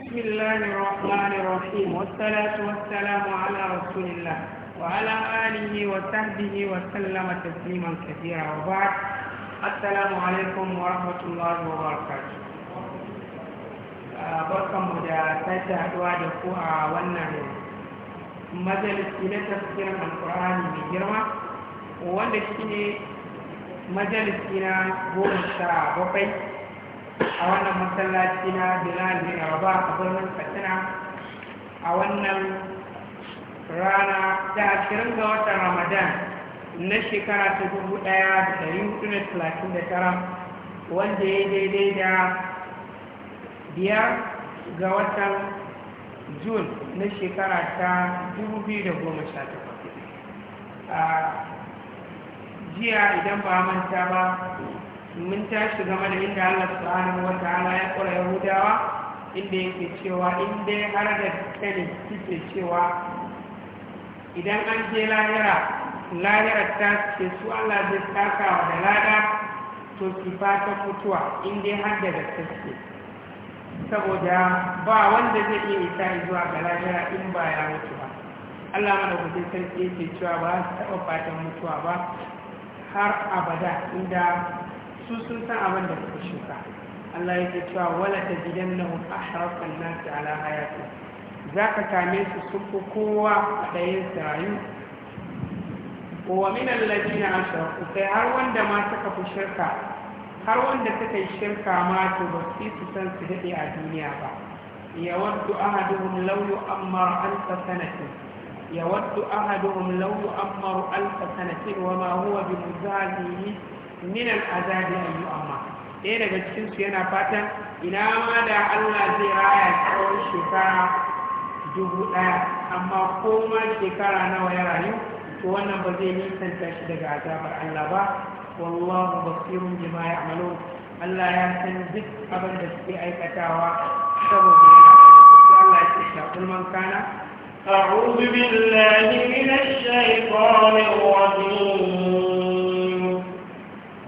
بسم الله الرحمن الرحيم والصلاة والسلام على رسول الله وعلى آله وصحبه وسلم تسليما كثيرا وبعد السلام عليكم ورحمة الله وبركاته barkanmu da sake haɗuwa da ku a wannan majalisi na tafsirin alkur'ani mai girma wanda shi ne majalisi na goma sha bakwai a wannan masallaci na bilal bin rabah a birnin katsina a wannan rana ta ashirin ga watan ramadan na shekara ta dubu ɗaya da ɗari hudu da talatin da tara wanda ya daidai da biyar ga watan jun na shekara ta dubu biyu da goma sha takwas jiya idan ba manta ba mun tashi game da inda Allah subhanahu wa ta'ala ya kora Yahudawa inda yake cewa in dai har da kane kike cewa idan an je lahira lahira ta ce su Allah zai wa da lada to ki fata mutuwa in dai har da gaske saboda ba wanda zai iya isa zuwa ga lahira in ba ya mutu ba Allah madaukakin sarki yake cewa ba su taɓa fatan mutuwa ba har abada inda سوسن تعبان ان الشفاء الله يتشفى ولا تجدن ان أحرق الناس على ان ذاك تاميس سبق قوة حين ان ومن الذين أشركوا في هرون ان ما تكف الشركة هرون ده تكي الشركة ما تبسيس سنسدقي الدنيا با يود أحدهم لو يؤمر ألف سنة يود أحدهم لو يؤمر ألف سنة وما هو بمزاجه minan azabi an yi amma ɗaya daga cikinsu yana fatan ina ma da allah zai raya tsawon shekara dubu ɗaya amma ko ma shekara nawa ya rayu to wannan ba zai nisanta shi daga azabar allah ba wallahu basirun bima ya'malun allah ya san duk abin da suke aikatawa saboda Allah ya shafi man kana أعوذ بالله من الشيطان الرجيم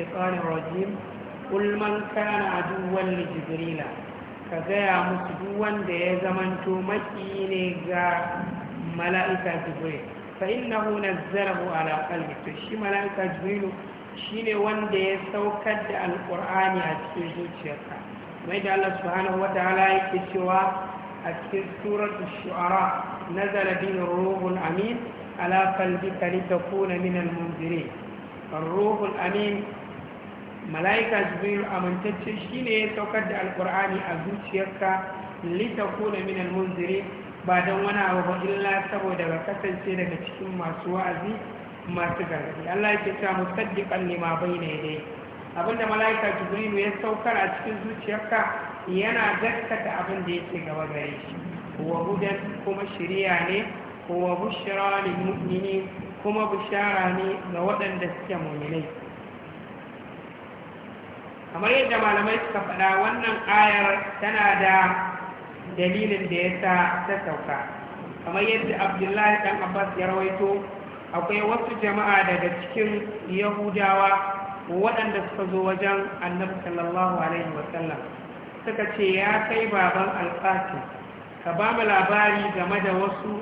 الشيطان الرجيم قل من كان عدوا لجبريل كذا مسدوا ده زمن تومكيني غا ملائكة جبريل فإنه نزله على قلبك شي ملائكة جبريل shine wanda ya saukar da alkur'ani a cikin zuciyarka mai da Allah subhanahu wataala yake cewa a cikin suratu shu'ara nazala bihi ruhul amin ala qalbika litakuna min al-munzirin ar-ruhul amin mala'ika jibril amintacce shine ya saukar da alkur'ani a zuciyarka litakuna min almunziri ba don wani abu ba illa saboda ba kasance daga cikin masu wa'azi masu gargadi Allah yake cewa musaddiqan lima bayna yadayhi abinda mala'ika jibril ya saukar a cikin zuciyarka yana gaskata abin da yake gaba gare shi wa hudan kuma shirya ne wa bushra lil mu'minin kuma bushara ne ga waɗanda suke mu'minai kamar yadda malamai suka faɗa wannan ayar tana da dalilin da ya sa ta sauka kamar yadda abdullahi dan abbas ya rawaito akwai wasu jama'a daga cikin yahudawa waɗanda suka zo wajen annabi sallallahu alaihi wasallam suka ce ya kai baban alƙasim ka ba mu labari game da wasu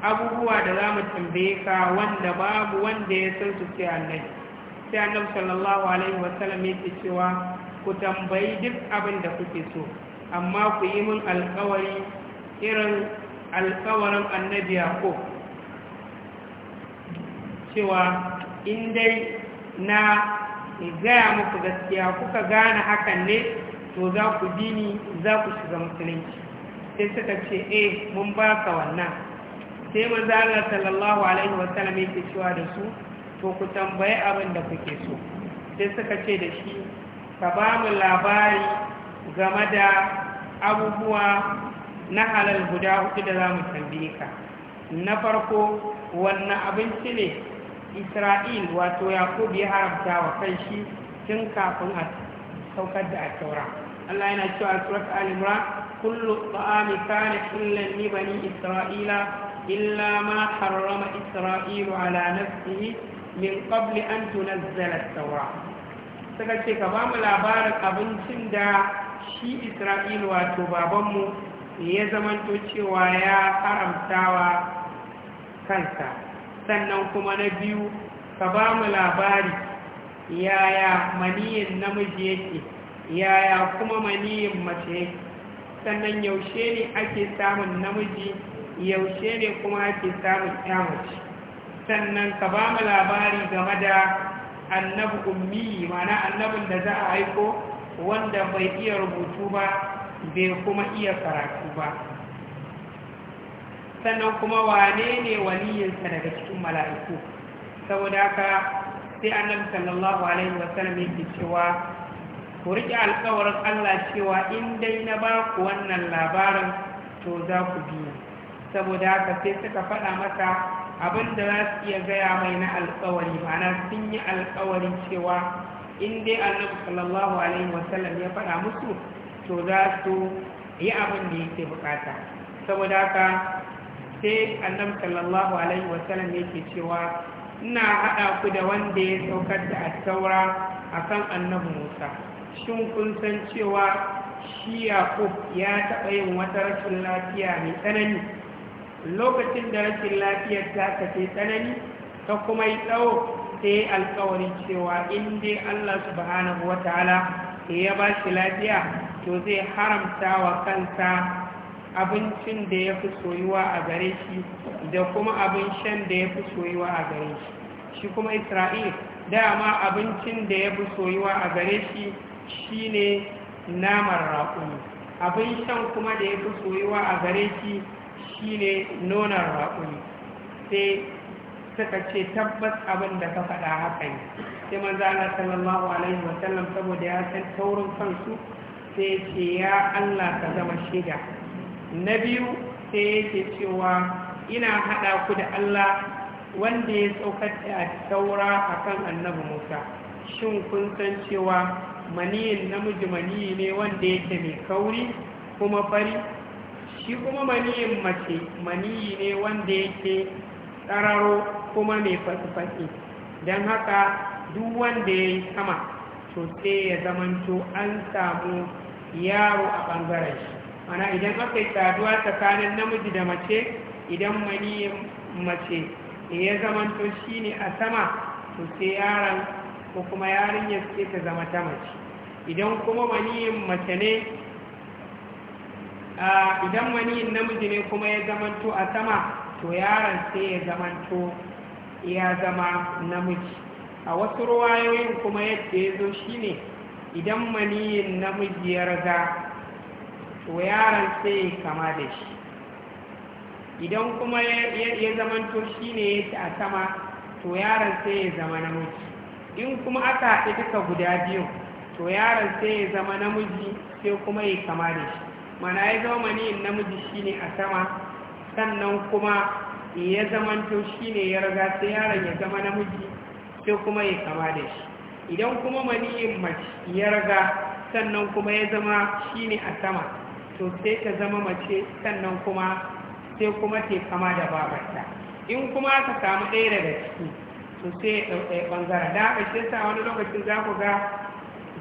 abubuwa da za mu tambaye ka wanda babu wanda ya san su ce annabi sai annabi sallallahu alaihi wasallam yake cewa ku tambayi duk abin da kuke so amma ku yi min alkawari irin alkawarin annabi ko. cewa in dai na gaya muku gaskiya kuka gane hakan ne to za ku dini za ku shiga musulunci sai suka ce eh mun baka wannan sai manzo Allah sallallahu alaihi wasallam yake cewa da su to ku tambayi abin da kuke so sai suka ce da shi ka ba mu labari game da abubuwa na halal guda hudu da za mu tambaye ka na farko wannan abinci ne isra'il wato Yakubu ya haramta wa kan shi tun kafin a saukar da a allah yana cewa a surat al-imran kullu ta'ami kana illan ni bani isra'ila illa ma harrama isra'ilu ala nafsihi min qabli an tunazzala at-taura Saka ce ka ba mu labarin abincin da shi Isra'il wato mu ya zamanto cewa ya haramtawa kansa sannan kuma na biyu ka ba mu labari yaya maniyin namiji yake yaya kuma maniyin mace sannan yaushe ne ake samun namiji yaushe ne kuma ake samun ƴa mace sannan ka ba mu labari game da annabu ummi mana annabin da za a aiko wanda bai iya rubutu ba bai kuma iya karatu ba sannan kuma wane ne waliyinsa daga cikin mala'iku saboda haka sai annabi sallallahu alaihi wasallam yake cewa ku riƙe alƙawarin Allah cewa in dai na ba ku wannan labarin to za ku biya saboda haka sai suka faɗa masa abin da za su iya gaya mai na alkawari ma'ana sun yi alkawari cewa in dai annabi sallallahu alaihi wasallam ya faɗa musu to za su yi abin da yake bukata saboda haka sai annabi sallallahu alaihi wasallam yake cewa ina haɗa ku da wanda ya saukar da attaura akan annabi Musa shin kun san cewa shi Yakub ya taɓa yin wata rashin lafiya mai tsanani lokacin da rashin lafiyar ta kace tsanani ta kuma yi tsawo sai alkawari cewa in dai Allah subhanahu ta'ala ya ba shi lafiya to zai haramta wa kansa abincin da ya fi soyuwa a gare shi da kuma abin da ya fi soyuwa a gare shi shi kuma Isra'il dama abincin da ya fi soyuwa a gare shi shi ne naman raƙumi abin shan kuma da ya fi soyuwa a gare shi Shi ne nonon raƙumi sai suka ce tabbas abin da ka faɗa haka ne sai manzo Allah sallallahu alaihi wasallam saboda ya san taurin kansu sai ce ya Allah ka zama shiga. na biyu sai yake cewa ina haɗa ku da Allah wanda ya saukar da taura a kan annabi Musa shin kun san cewa maniyin namiji maniyi ne wanda yake mai kauri kuma fari shi kuma maniyin mace maniyi ne wanda yake tsararo kuma mai fasifasi don haka duk wanda ya yi sama to sai ya zamanto an samu yaro a ɓangaren shi mana idan aka yi saduwa tsakanin namiji da mace idan maniyin mace ya zamanto shi ne a sama to sai yaron ko kuma yarinyar sai ta zama ta mace idan kuma maniyin mace ne idan wani namiji ne kuma ya zamanto a sama to yaron sai ya zamanto ya zama namiji a wasu ruwayoyin kuma yadda ya zo shi ne idan maniyin namiji ya raga to yaron sai ya kama da shi idan kuma ya zamanto shi ne ya ci a sama to yaron sai ya zama namiji in kuma aka haɗe duka guda biyu to yaron sai ya zama namiji sai kuma ya kama da shi mana ya zama maniyin namiji shine a sama sannan kuma ya zamanto shine ya raga sai yaron ya zama namiji sai kuma ya kama da shi idan kuma maniyin mace ya raga sannan kuma ya zama shine a sama to sai ta zama mace sannan kuma sai kuma ta kama da babarta in kuma aka samu ɗaya daga ciki to sai ya ɗauɗaya ɓangaren da aka shi sa wani lokacin za ku ga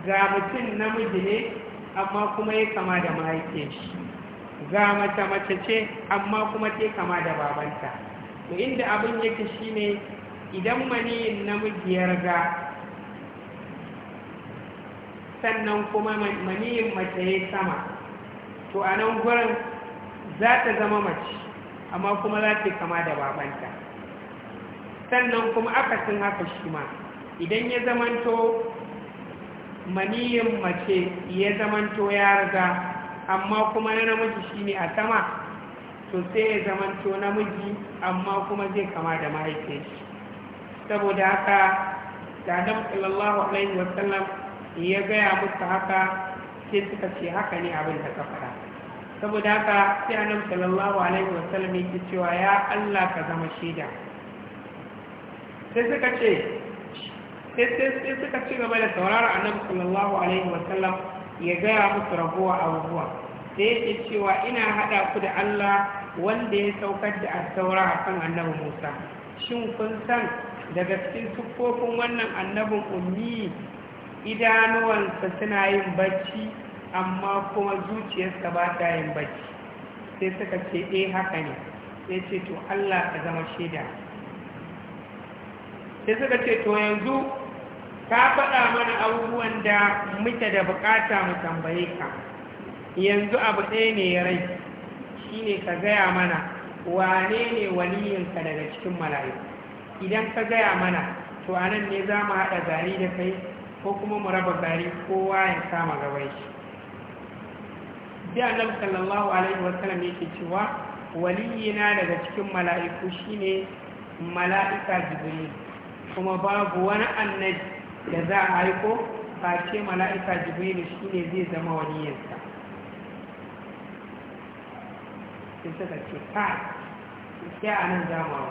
ga mutum namiji ne amma kuma ya kama da mahaifin shi ga mace mace ce amma kuma ta kama da babanta to inda abin yake shine idan maniyin namiji ya riga sannan kuma maniyin mace ya sama to a nan gurin za ta zama mace amma kuma za ta kama da babanta sannan kuma akasin haka shi ma idan ya zamanto maniyin mace ya zamanto ya riga amma kuma na namiji shine a sama to sai ya zamanto namiji amma kuma zai kama da mahaifin shi saboda haka da adam sallallahu alaihi wasallam ya gaya musu haka sai suka ce haka ne abin da ka faɗa saboda haka sai adam sallallahu alaihi wasallam ce cewa ya Allah ka zama shaida sai suka ce sai suka ci gaba da saurara nan sallallahu alaihi wasallam ya gaya musu ragowa abubuwa sai yake cewa ina haɗa ku da Allah wanda ya saukar da asaura a kan annabin Musa shin kun san daga cikin siffofin wannan annabin ummi idanuwansa suna yin bacci amma kuma zuciyarsa ba ta yin bacci sai suka ce eh haka ne sai ce to Allah ka zama shaida sai suka ce to yanzu ka faɗa mana abubuwan da muke da bukata mu tambaye ka yanzu abu ɗaya ne ya rai shi ne ka gaya mana wane ne waliyinka daga cikin mala'iku idan ka gaya mana to a nan ne za mu haɗa gari da kai ko kuma mu raba gari kowa ya kama gabai shi da annabi sallallahu alaihi wasallam yake cewa waliyina daga cikin mala'iku shine mala'ika jibril kuma babu wani annabi da za a haiko ce mala'ika jibrilu shi ne zai zama waliyarsa sai suka ce ta sai a nan zamawa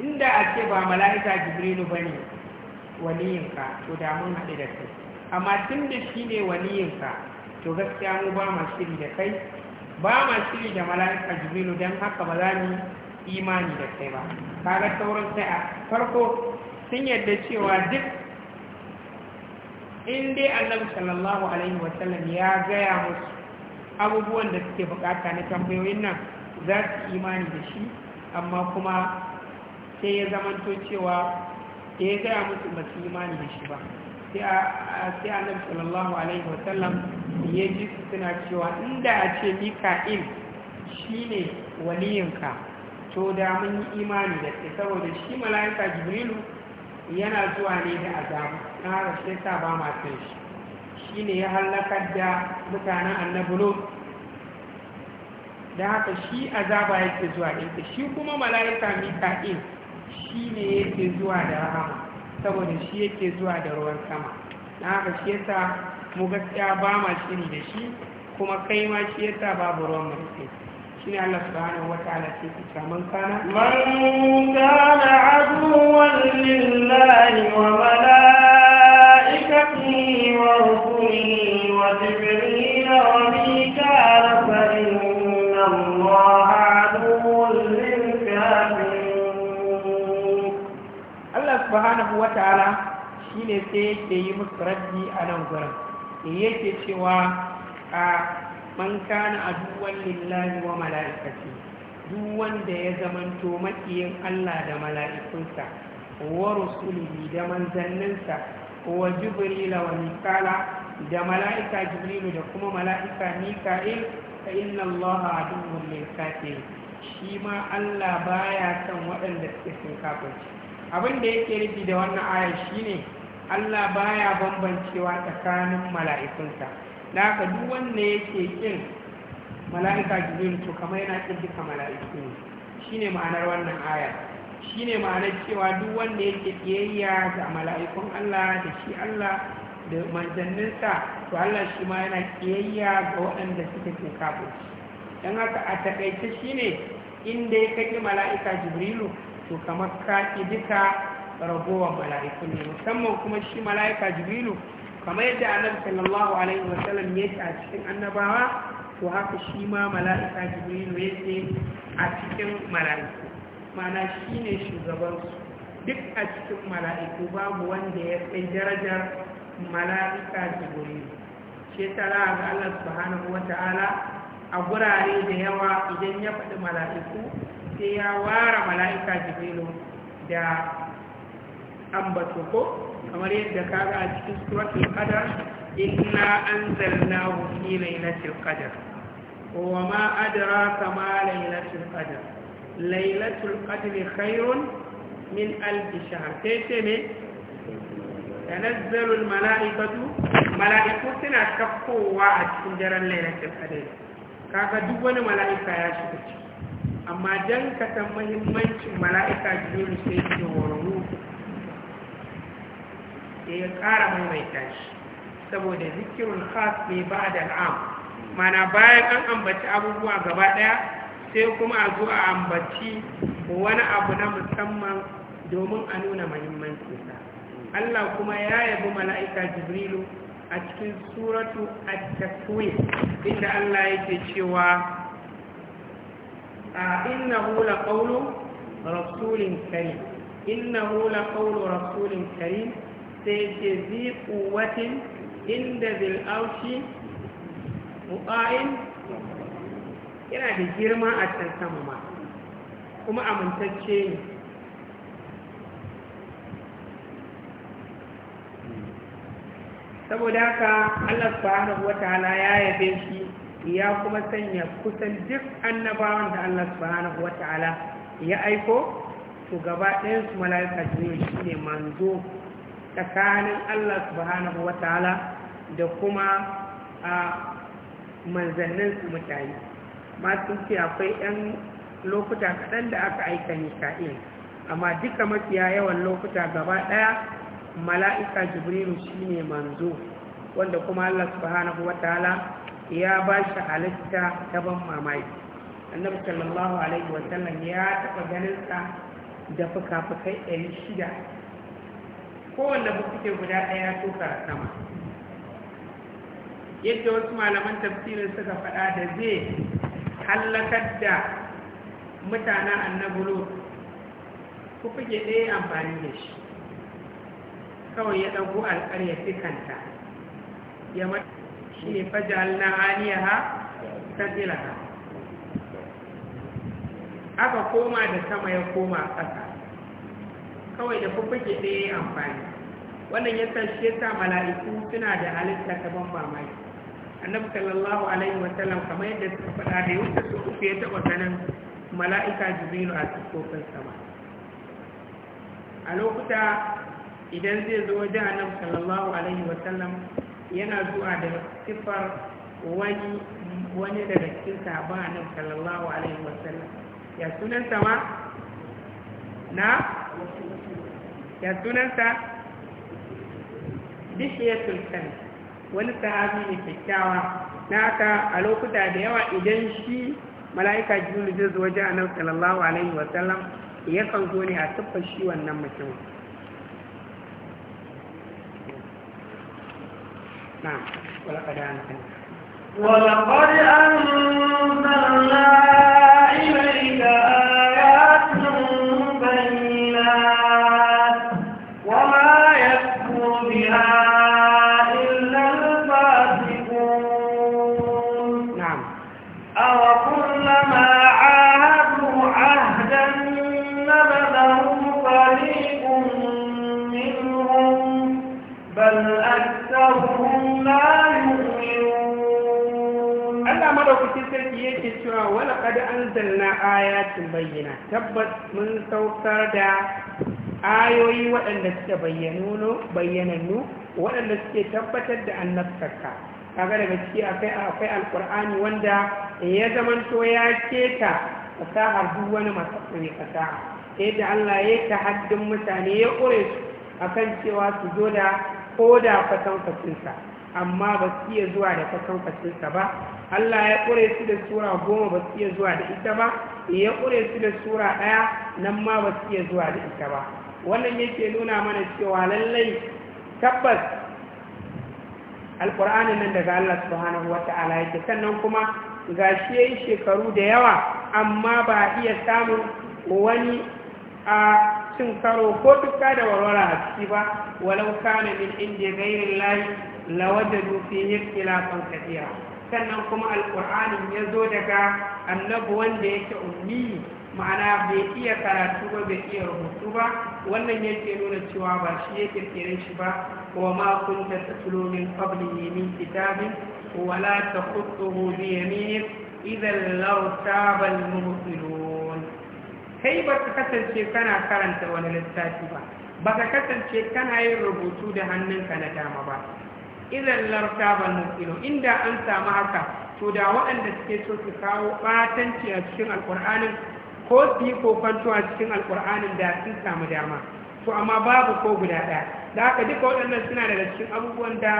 inda a ce ba mala'ika jibrilu ba ne waliyinka to da mun da kai amma tun da shi ne waliyinka to gaskiya mu ba ma shiri da kai ba ma shiri da mala'ika jibrilu don haka ba za mu imani da kai ba kaga sauran sai a farko sun yadda cewa duk in dai annabi sallallahu alaihi wasallam ya gaya musu abubuwan da suke bukata na tambayoyin nan za su imani da shi amma kuma sai ya zamanto cewa da ya gaya musu ba su imani da shi ba sai annabi sallallahu alaihi wasallam ya ji suna cewa inda a ce mika'il shi ne waliyinka to da mun yi imani da shi saboda shi mala'ika jibrilu yana zuwa ne da azabu kara shi sa ba ma shi shi ne ya hallakar da mutanen annabi da haka shi azaba yake zuwa inda shi kuma mala'ika mika'il shi ne yake zuwa da rahama saboda shi yake zuwa da ruwan sama da haka shi yasa mu gaskiya ba ma shiri da shi kuma kai ma shi yasa babu ruwan mu shi ne Allah subhanahu wa ce ki kaman kana man kana aduwan lillahi wa برحمته ورسله ta'ala وميكال فإن shine sai yake yi musu rabbi a nan gurin yake cewa a man a aduwan lillahi wa malaikaci duk wanda ya zamanto makiyin Allah da mala'ikunsa wa rusulihi da manzanninsa wa jibrila wa mikala da mala'ika jibrilu da kuma mala'ika mika'il fa inna allaha aduwwun lil shi ma Allah baya son waɗanda suke sun kafirci abin da yake nufi da wannan aya shine Allah baya bambancewa tsakanin mala'ikunta da haka duk wanda yake kin mala'ika jibril to kamar yana kin duka mala'iku shine ma'anar wannan aya Shi ne ma'anar cewa duk wanda yake kiyayya ga mala'ikun Allah da shi Allah da manzanninsa to Allah shi ma yana kiyayya ga waɗanda suka ke kafin don haka a takaice shine inda ya kaki mala'ika jibrilu to kamar ka duka ragowar mala'ikun ne musamman kuma shi mala'ika jibrilu kamar yadda annabi sallallahu alaihi ya ce a cikin annabawa to haka shi ma mala'ika jibrilu ce a cikin mala'iku mana shi ne shugabansu duk a cikin mala'iku babu wanda ya kai darajar mala'ika jibril shi ta ga Allah subhanahu wata'ala a gurare da yawa idan ya faɗi mala'iku sai ya wara mala'ika jibrilu da ambato ko kamar yadda kaga a cikin suratul qadar inna anzalnahu fi lailatul qadr wa ma adraka ma lailatul qadr lailatul qadri khairun min alfi shahr sai ce me tanazzalul mala'ikatu mala'iku suna kafowa a cikin daren lailatul qadri kaga duk wani mala'ika ya shiga ciki amma dan ka san muhimmancin mala'ika jibril sai ke waruru ya ƙara maimaita shi saboda zikirul khas ne da al'am mana bayan an ambaci abubuwa gaba daya sai kuma a zo a ambaci wani abu na musamman domin a nuna mahimmancinsa Allah kuma ya yabi mala'ika jibrilu a cikin suratu at-takwir inda Allah yake cewa a hula laqawlu rasulin karim innahu rasulin karim sai ke zi kuwatin inda bil aushi yana da girma a can sama kuma amintacce ne saboda haka Allah subhanahu wataala ya yabe shi ya kuma sanya kusan duk annabawan da Allah subhanahu wataala ya aiko su gaba ɗayan su mala'ika shi shine manzo tsakanin Allah subhanahu wataala da kuma a manzannin su mutane ma sun ce akwai 'yan lokuta kaɗan da aka aika mika'il amma duka mafiya yawan lokuta gaba ɗaya mala'ika jibrilu ne manzo wanda kuma allah subhanahu wa ta'ala ya ba shi halitta ta ban mamaki annabi sallallahu alaihi wa sallam ya taɓa ganinsa da fuka-fukai ɗari shida kowanne fukuke guda ɗaya tuka sama yadda wasu malaman tafsirin suka faɗa da zai halakar da mutanen annabulu ku fige ɗaya amfani da shi kawai ya ɗago alƙarya fikanta ya mata shi ne halina halna ha ta ha aka koma da sama ya koma ƙasa kawai da fuffuke ɗaya amfani wannan ya sa shi ya sa mala'iku suna da halitta ta ban mamaki annabi sallallahu alaihi wa sallam kamar yadda suka faɗa da yau su suka fiye taɓa ganin mala'ika jibrilu a cikin sama a lokuta idan zai zo waje annabi sallallahu alaihi wa sallam yana zuwa da siffar wani wani daga cikin sahaba annabi sallallahu alaihi wa sallam ya sunan sama na ya sa bishiyatul kanta wani sahabi ne kyakkyawa na haka a lokuta da yawa idan shi mala'ika jibril zai zo wajen annabi sallallahu alaihi wa sallam yakan zo ne a tuffar shi wannan mutum na wala qad anzalna wala qad anzalna laƙad an zanna ayatin bayyana tabbas mun saukar da ayoyi waɗanda suke bayyanannu waɗanda suke tabbatar da annabtaka kaga daga ciki akai akwai alkur'ani wanda ya zamanto ya keta fasahar duk wani masu tsare fasaha yadda Allah ya ta haddin mutane ya ƙure su akan cewa su zo da ko da fatan fasinsa amma ba su iya zuwa da kwatankwacinsa ba Allah ya ƙure su da sura goma ba su iya zuwa da ita ba ya ƙure su da sura ɗaya nan ma ba su iya zuwa da ita ba wannan yake nuna mana cewa lallai tabbas alƙur'anin nan daga Allah subhanahu wa ta'ala yake sannan kuma ga shi ya yi shekaru da yawa amma ba a iya samun wani a cin karo ko tuka da warwara a ciki ba walau kana min inda gairin layi lawajadu fihi ikhtilafan kathira sannan kuma alqur'ani ya zo daga annabi wanda yake ummi ma'ana bai iya karatu ba bai iya rubutu ba wannan yake nuna cewa ba shi ya kirkire shi ba wa ma kunta tatlu min qablihi min kitabin wa la taqutuhu bi yaminik idan lartaba al kai ba ka kasance kana karanta wani littafi ba ba ka kasance kana yin rubutu da hannunka na dama ba idan nan ilo inda an samu haka to da waɗanda suke so su kawo batanci a cikin alƙur'anin ko su yi kokonto a cikin alƙur'anin da sun samu dama to amma babu ko guda ɗaya da haka duka waɗannan suna daga cikin abubuwan da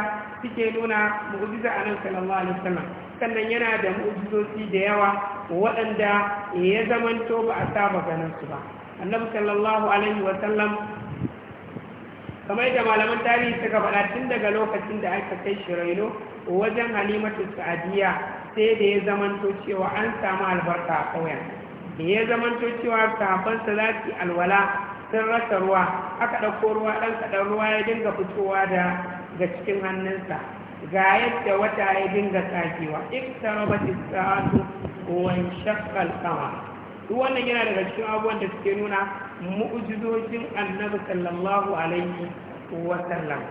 suke nuna mu'ujiza a nan sallallahu alaihi wasallam sannan yana da mu'ujizoci da yawa waɗanda ya zamanto ba a saba ganin su ba annabi sallallahu alaihi wasallam kamar da malaman tarihi suka faɗa tun daga lokacin da aka kai shi raino wajen halimatu sa'adiyya sai da ya zamanto cewa an samu albarka a ƙauyen da ya zamanto cewa sahabbansa za su alwala sun rasa ruwa aka ɗauko ruwa ɗan kaɗan ruwa ya dinga fitowa da ga cikin hannunsa ga yadda wata ya dinga tsagewa iktarabatis ko wani shakkal sama duk wannan yana daga cikin abubuwan da suke nuna mu'jizojin annabi sallallahu alaihi wa sallam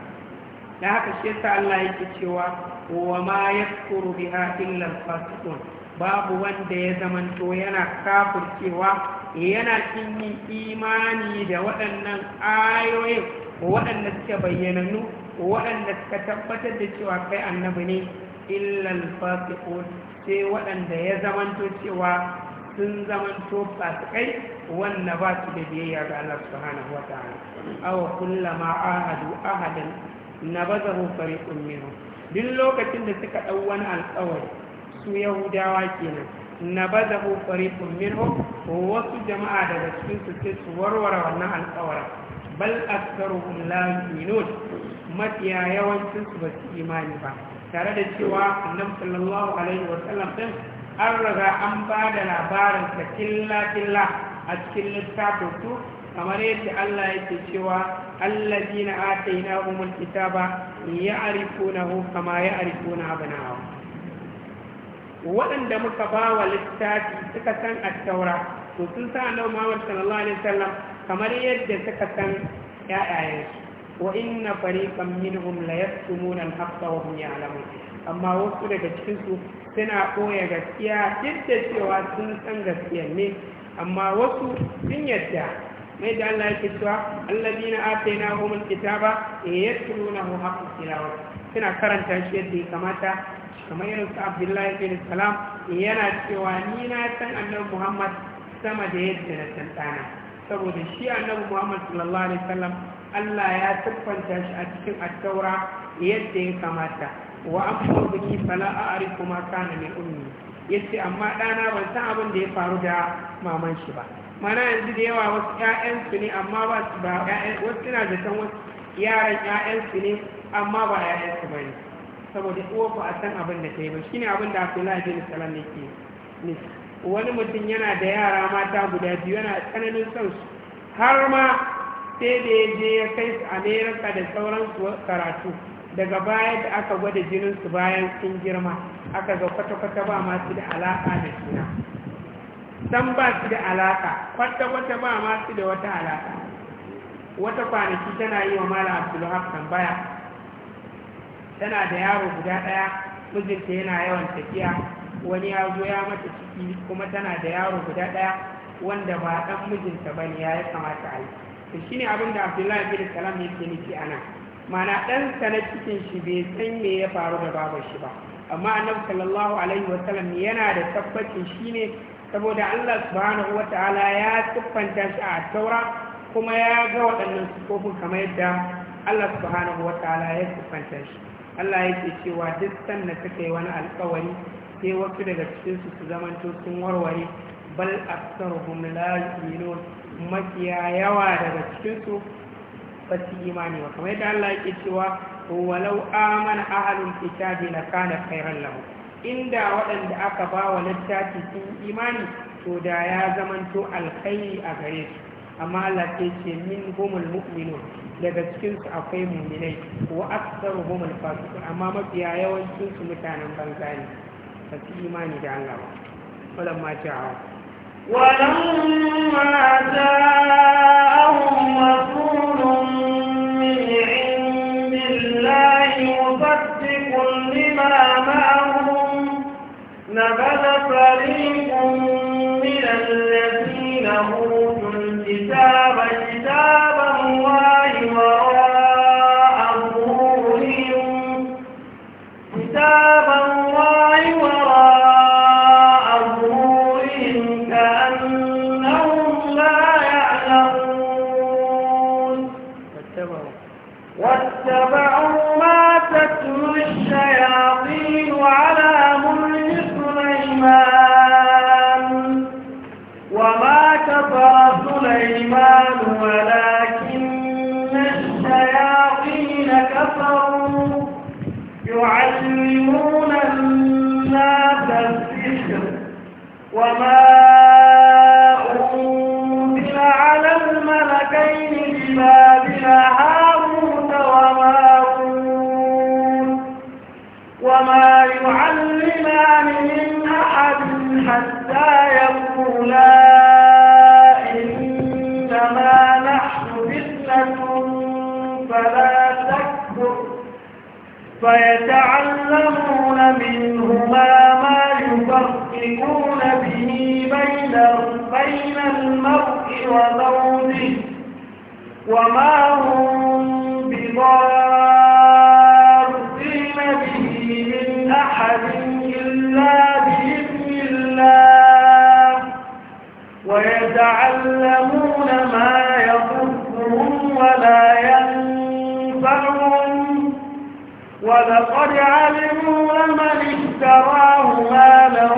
da haka shi yasa Allah yake cewa wa ma yakfuru biha illa al-fasiqun babu wanda ya zamanto yana kafircewa yana kin imani da waɗannan ayoyin waɗanda suke nu waɗanda suka tabbatar da cewa kai annabi ne illa al-fasiqun sai waɗanda ya zamanto cewa sun zaman to fasikai wannan ba su da biyayya ga Allah subhanahu wata'ala aw kullama ahadu ahadan nabazahu fariqun minhum duk lokacin da suka dau wani alƙawari su yahudawa kenan nabazahu fariqun minhum wasu jama'a daga cikin su sai su warware wannan alƙawarin bal aktharuhum la yu'minun mafiya yawancin su ba su imani ba tare da cewa annabi sallallahu alaihi wa sallam din an raga an ba da labarin ta killa-killa a cikin littafi su kamar yadda Allah yake cewa allazi na ata yi ita ba ya arifu na hu kama ya arifu na abinawa waɗanda muka ba wa littafi suka san taura to sun sa annabi Muhammad sallallahu alaihi wasallam kamar yadda suka san ƴaƴayensu wa inna fariqan minhum la yaktumuna al-haqqa wa hum ya'lamun amma wasu daga cikinsu suna ɓoye gaskiya duk da cewa sun san gaskiya ne amma wasu sun yadda mai da Allah yake cewa allazi na ake na homin kitaba e ya turu na tilawa suna karanta shi yadda ya kamata kamar irin su abdullahi bin salam yana cewa ni na san annabi muhammad sama da yadda na san ɗana saboda shi annabi muhammad sallallahu alaihi wasallam Allah ya siffanta shi a cikin attaura yadda ya kamata wa amma biki fala a'rifu ma kana min ummi yace amma ɗana ban san abin da ya faru da maman shi ba mana yanzu da yawa wasu ƴaƴansu ne amma ba su ba wasu suna da san wasu yaran ƴaƴansu ne amma ba ƴaƴansu ba ne saboda uwa ba a san abin da ta yi ba shine abin da Abdullahi bin Salam yake ne wani mutum yana da yara mata guda biyu yana tsananin son su har ma sai da ya je ya kai su Amerika da sauransu karatu daga baya da aka gwada jinin su bayan sun girma aka ga kwata-kwata ba masu da alaƙa da suna san ba su da alaƙa kwata-kwata ba masu da wata alaƙa wata kwanaki tana yi wa mala abdullahab tambaya tana da yaro guda ɗaya mijinta yana yawan tafiya wani ya zo ya mata ciki kuma tana da yaro guda ɗaya wanda ba ɗan mijinta ba ne ya yi kamata a yi shi ne abin da abdullahi bin salam yake nufi a nan mana ɗansa na cikin shi bai san me ya faru da babar shi ba amma annabi sallallahu alaihi wasallam yana da tabbacin shi ne saboda Allah subhanahu wataala ya siffanta shi a taura kuma ya ga waɗannan sufofin kamar yadda Allah subhanahu wataala ya siffanta shi Allah yake cewa duk sanna suka yi wani alkawari sai wasu daga cikin su su zamanto sun warware bal aktsaruhum la yu'minun mafiya yawa daga cikin su ba su imani ba kamar yadda Allah yake cewa walau amana ahlul kitabi lakana khairan lahu inda waɗanda aka ba wa littafi sun imani to da ya zamanto alkhairi a gare su amma Allah ke ce min humul mu'minun daga cikin su akwai mu'minai wa aktsaru humul fasiqun amma mafiya yawancin su mutanen banza ne ba su imani da Allah ba walamma ta'a ولما جاءهم رسول نبذ فريق لقد علموا لمن اشتراه ما له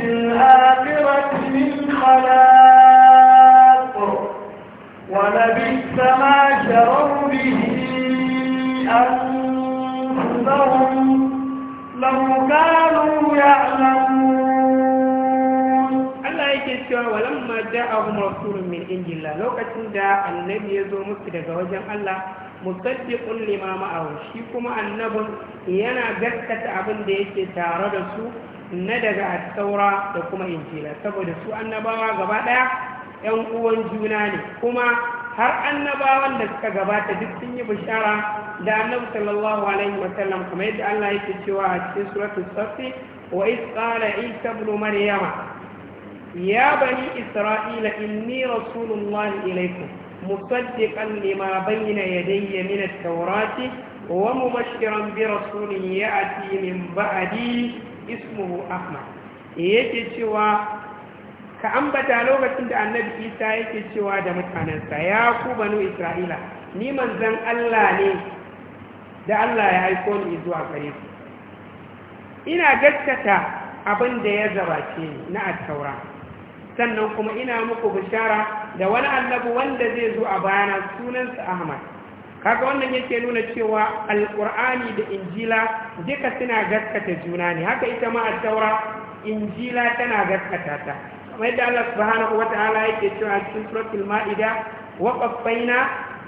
في الآخرة من خلاق ولبئس ما شروا به أنفسهم لو كانوا يعلمون الله يكتب ولما جاءهم رسول من عند الله لو كنت النبي يزور مسجد وجه الله musaddiqun lima ma'ahu shi kuma Annabun yana gaskata abin da yake tare da su na daga attaura da kuma injila saboda su annabawa gaba daya yan uwan juna ne kuma har annabawan da suka gabata duk sun yi bishara da annabi sallallahu alaihi wasallam kamar yadda Allah yake cewa a cikin suratul safi wa iz qala isa ibn maryama ya bani isra'ila inni rasulullahi ilaykum مصدقا لما بين يدي من التوراة ومبشرا برسول يأتي من بعدي اسمه أحمد yake cewa ka ambata lokacin da annabi isa yake cewa da mutanensa ya ku banu isra'ila ni manzan allah ne da allah ya aiko ni zuwa gare ina gaskata abin da ya gabace ni na attaura sannan kuma ina muku bishara da wani annabi wanda zai zo a bayana sunansa ahmad kaga wannan yake nuna cewa alkur'ani da injila duka suna gaskata juna ne haka ita ma a taura injila tana gaskata ta kamar yadda Allah subhanahu wata'ala yake cewa cikin suratul ma'ida wa qaffayna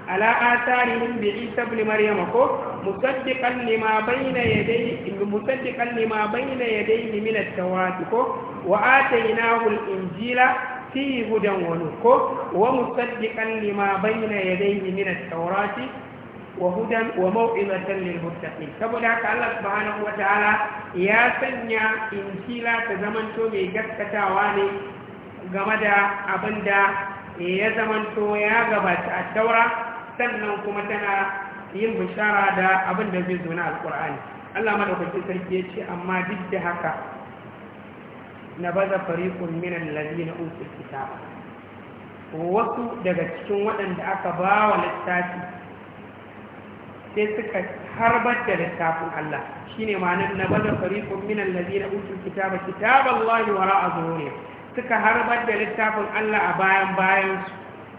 ala atharihim bi Isa ibn Maryam ko musaddiqan lima bayna yadayhi musaddiqan lima bayna yadayhi min at-tawrat ko wa atainahu al-injila fi hudan wa nur ko wa musaddiqan lima bayna yadayhi min at tawrat wa hudan wa maw'izatan lil muttaqin saboda ka Allah subhanahu wa ta'ala ya sanya injila ta zamanto mai gaskatawa ne game da abinda ya zamanto ya gabata a taura sannan kuma tana yin bishara da abin da zai zo na alkur'ani Allah madaukakin sarki ya ce amma duk da haka na baza fariqun min allazina utul kitaba wasu daga cikin waɗanda aka ba wa littafi sai suka harbar da littafin Allah shine ma'anar na baza fariqun min allazina utul kitaba kitaballahi wara'a zuhurihim suka harbar da littafin Allah a bayan bayan su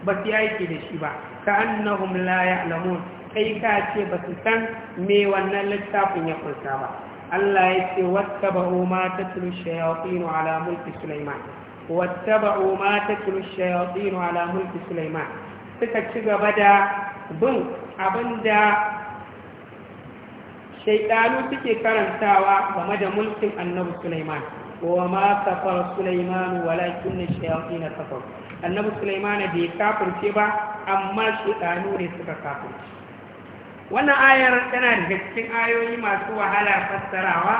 ba su yake da shi ba ka annahum la ya'lamun kai ka ce ba su san me wannan littafin ya kunsa ba Allah ya ce wattaba'u ma tatlu shayatin ala mulki Sulaiman wattaba'u ma tatlu shayatin ala mulki Sulaiman suka ci gaba da bin abinda shaidanu suke karantawa game da mulkin annabi Sulaiman wa ma kafara Sulaiman walakin shayatin kafaru annabi sulaimana bai kafirce ba amma shekaru ne suka kafirce wannan ayar tana daga cikin ayoyi masu wahala fassarawa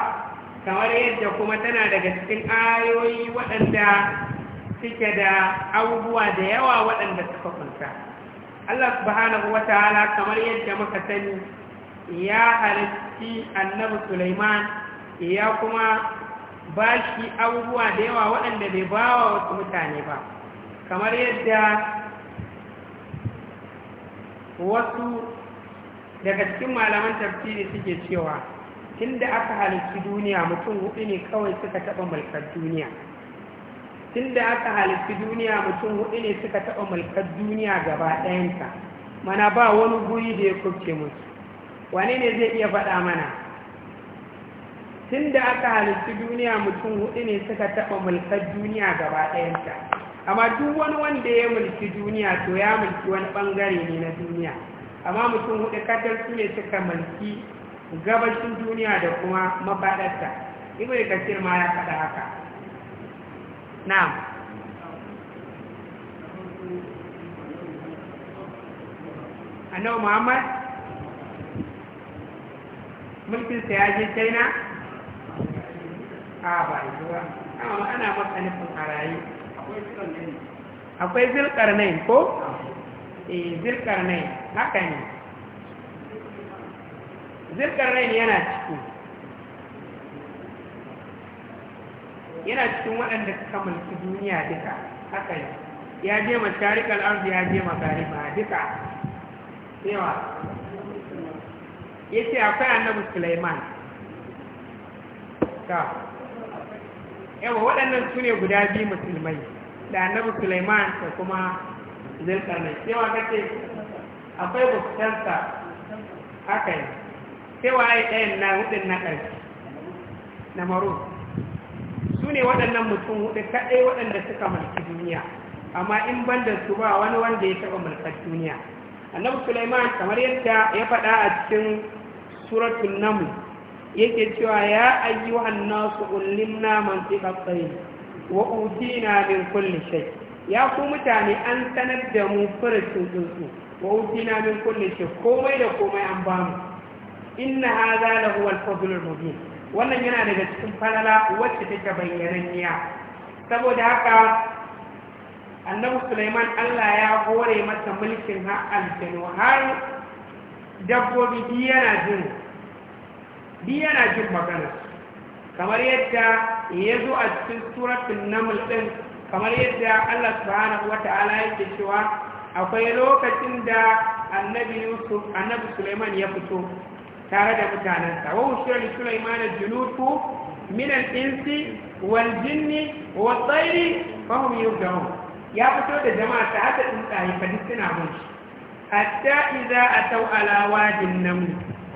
kamar yadda kuma tana daga cikin ayoyi waɗanda suke da abubuwa da yawa waɗanda suka kunta Allah subhanahu wa ta'ala kamar yadda muka sani ya halitti annabi Sulaiman ya kuma ba shi abubuwa da yawa waɗanda bai ba wa wasu mutane ba kamar yadda wasu daga cikin malaman tafsiri suke cewa tun da aka halittu duniya mutum hudu ne kawai suka taɓa mulkar duniya da aka halittu duniya mutum hudu ne suka taba mulkar duniya gaba ɗayanta mana ba wani guri da ya kubce musu wani ne zai iya faɗa mana tun da aka halittu duniya mutum hudu ne suka taɓa mulkar duniya gaba ɗayanta amma duk wani wanda ya mulki duniya to ya mulki wani bangare ne na duniya amma mutum hudu katar su ne suka mulki gabashin duniya da kuma mafaɗarta da kashir ma ya faɗa haka na'am annabi muhammad mulkin sa ya je china a ba zuwa amma ana masa nufin a rayu akwai ne ko? eh ne haka ne ne yana ciki yana cikin waɗanda suka mulki duniya duka haka ne ya je masharikar arzu ya je magariba duka yawa ya ce akwai annabi suleiman ta yawa waɗannan su ne guda biyu musulmai da annabi Sulaiman da kuma Zulkarnain cewa kace akwai bukatansa haka yi. cewa yi ɗayan na hudun na ƙarfi na maro su ne waɗannan mutum hudu kaɗai waɗanda suka mulki duniya amma in ban da su ba wani wanda ya taɓa mulkar duniya annabi Sulaiman kamar yadda ya faɗa a cikin suratul naml yake cewa ya ayyuhan nasu man mantiqa tsayi wa utina min kulli shay ya ku mutane an sanar da mu furucin tsuntsu wa utina min kulli shay komai da komai an ba mu inna hadha la huwa al mubin wannan yana daga cikin falala wacce take bayyananniya saboda haka annabi Sulaiman Allah ya hore masa mulkin har aljanu har dabbobi yana jin yana jin magana kamar yadda ya zo a cikin suratun namul ɗin kamar yadda Allah subhanahu wa ta'ala yake cewa akwai lokacin da annabi Yusuf annabi Sulaiman ya fito tare da mutanensa wa ushira li Sulaiman junutu min al-insi wal jinni wa tayri fa hum yudawun ya fito da jama'a ta hada tsuntsaye fa duk suna mun hatta idza ataw ala wadin naml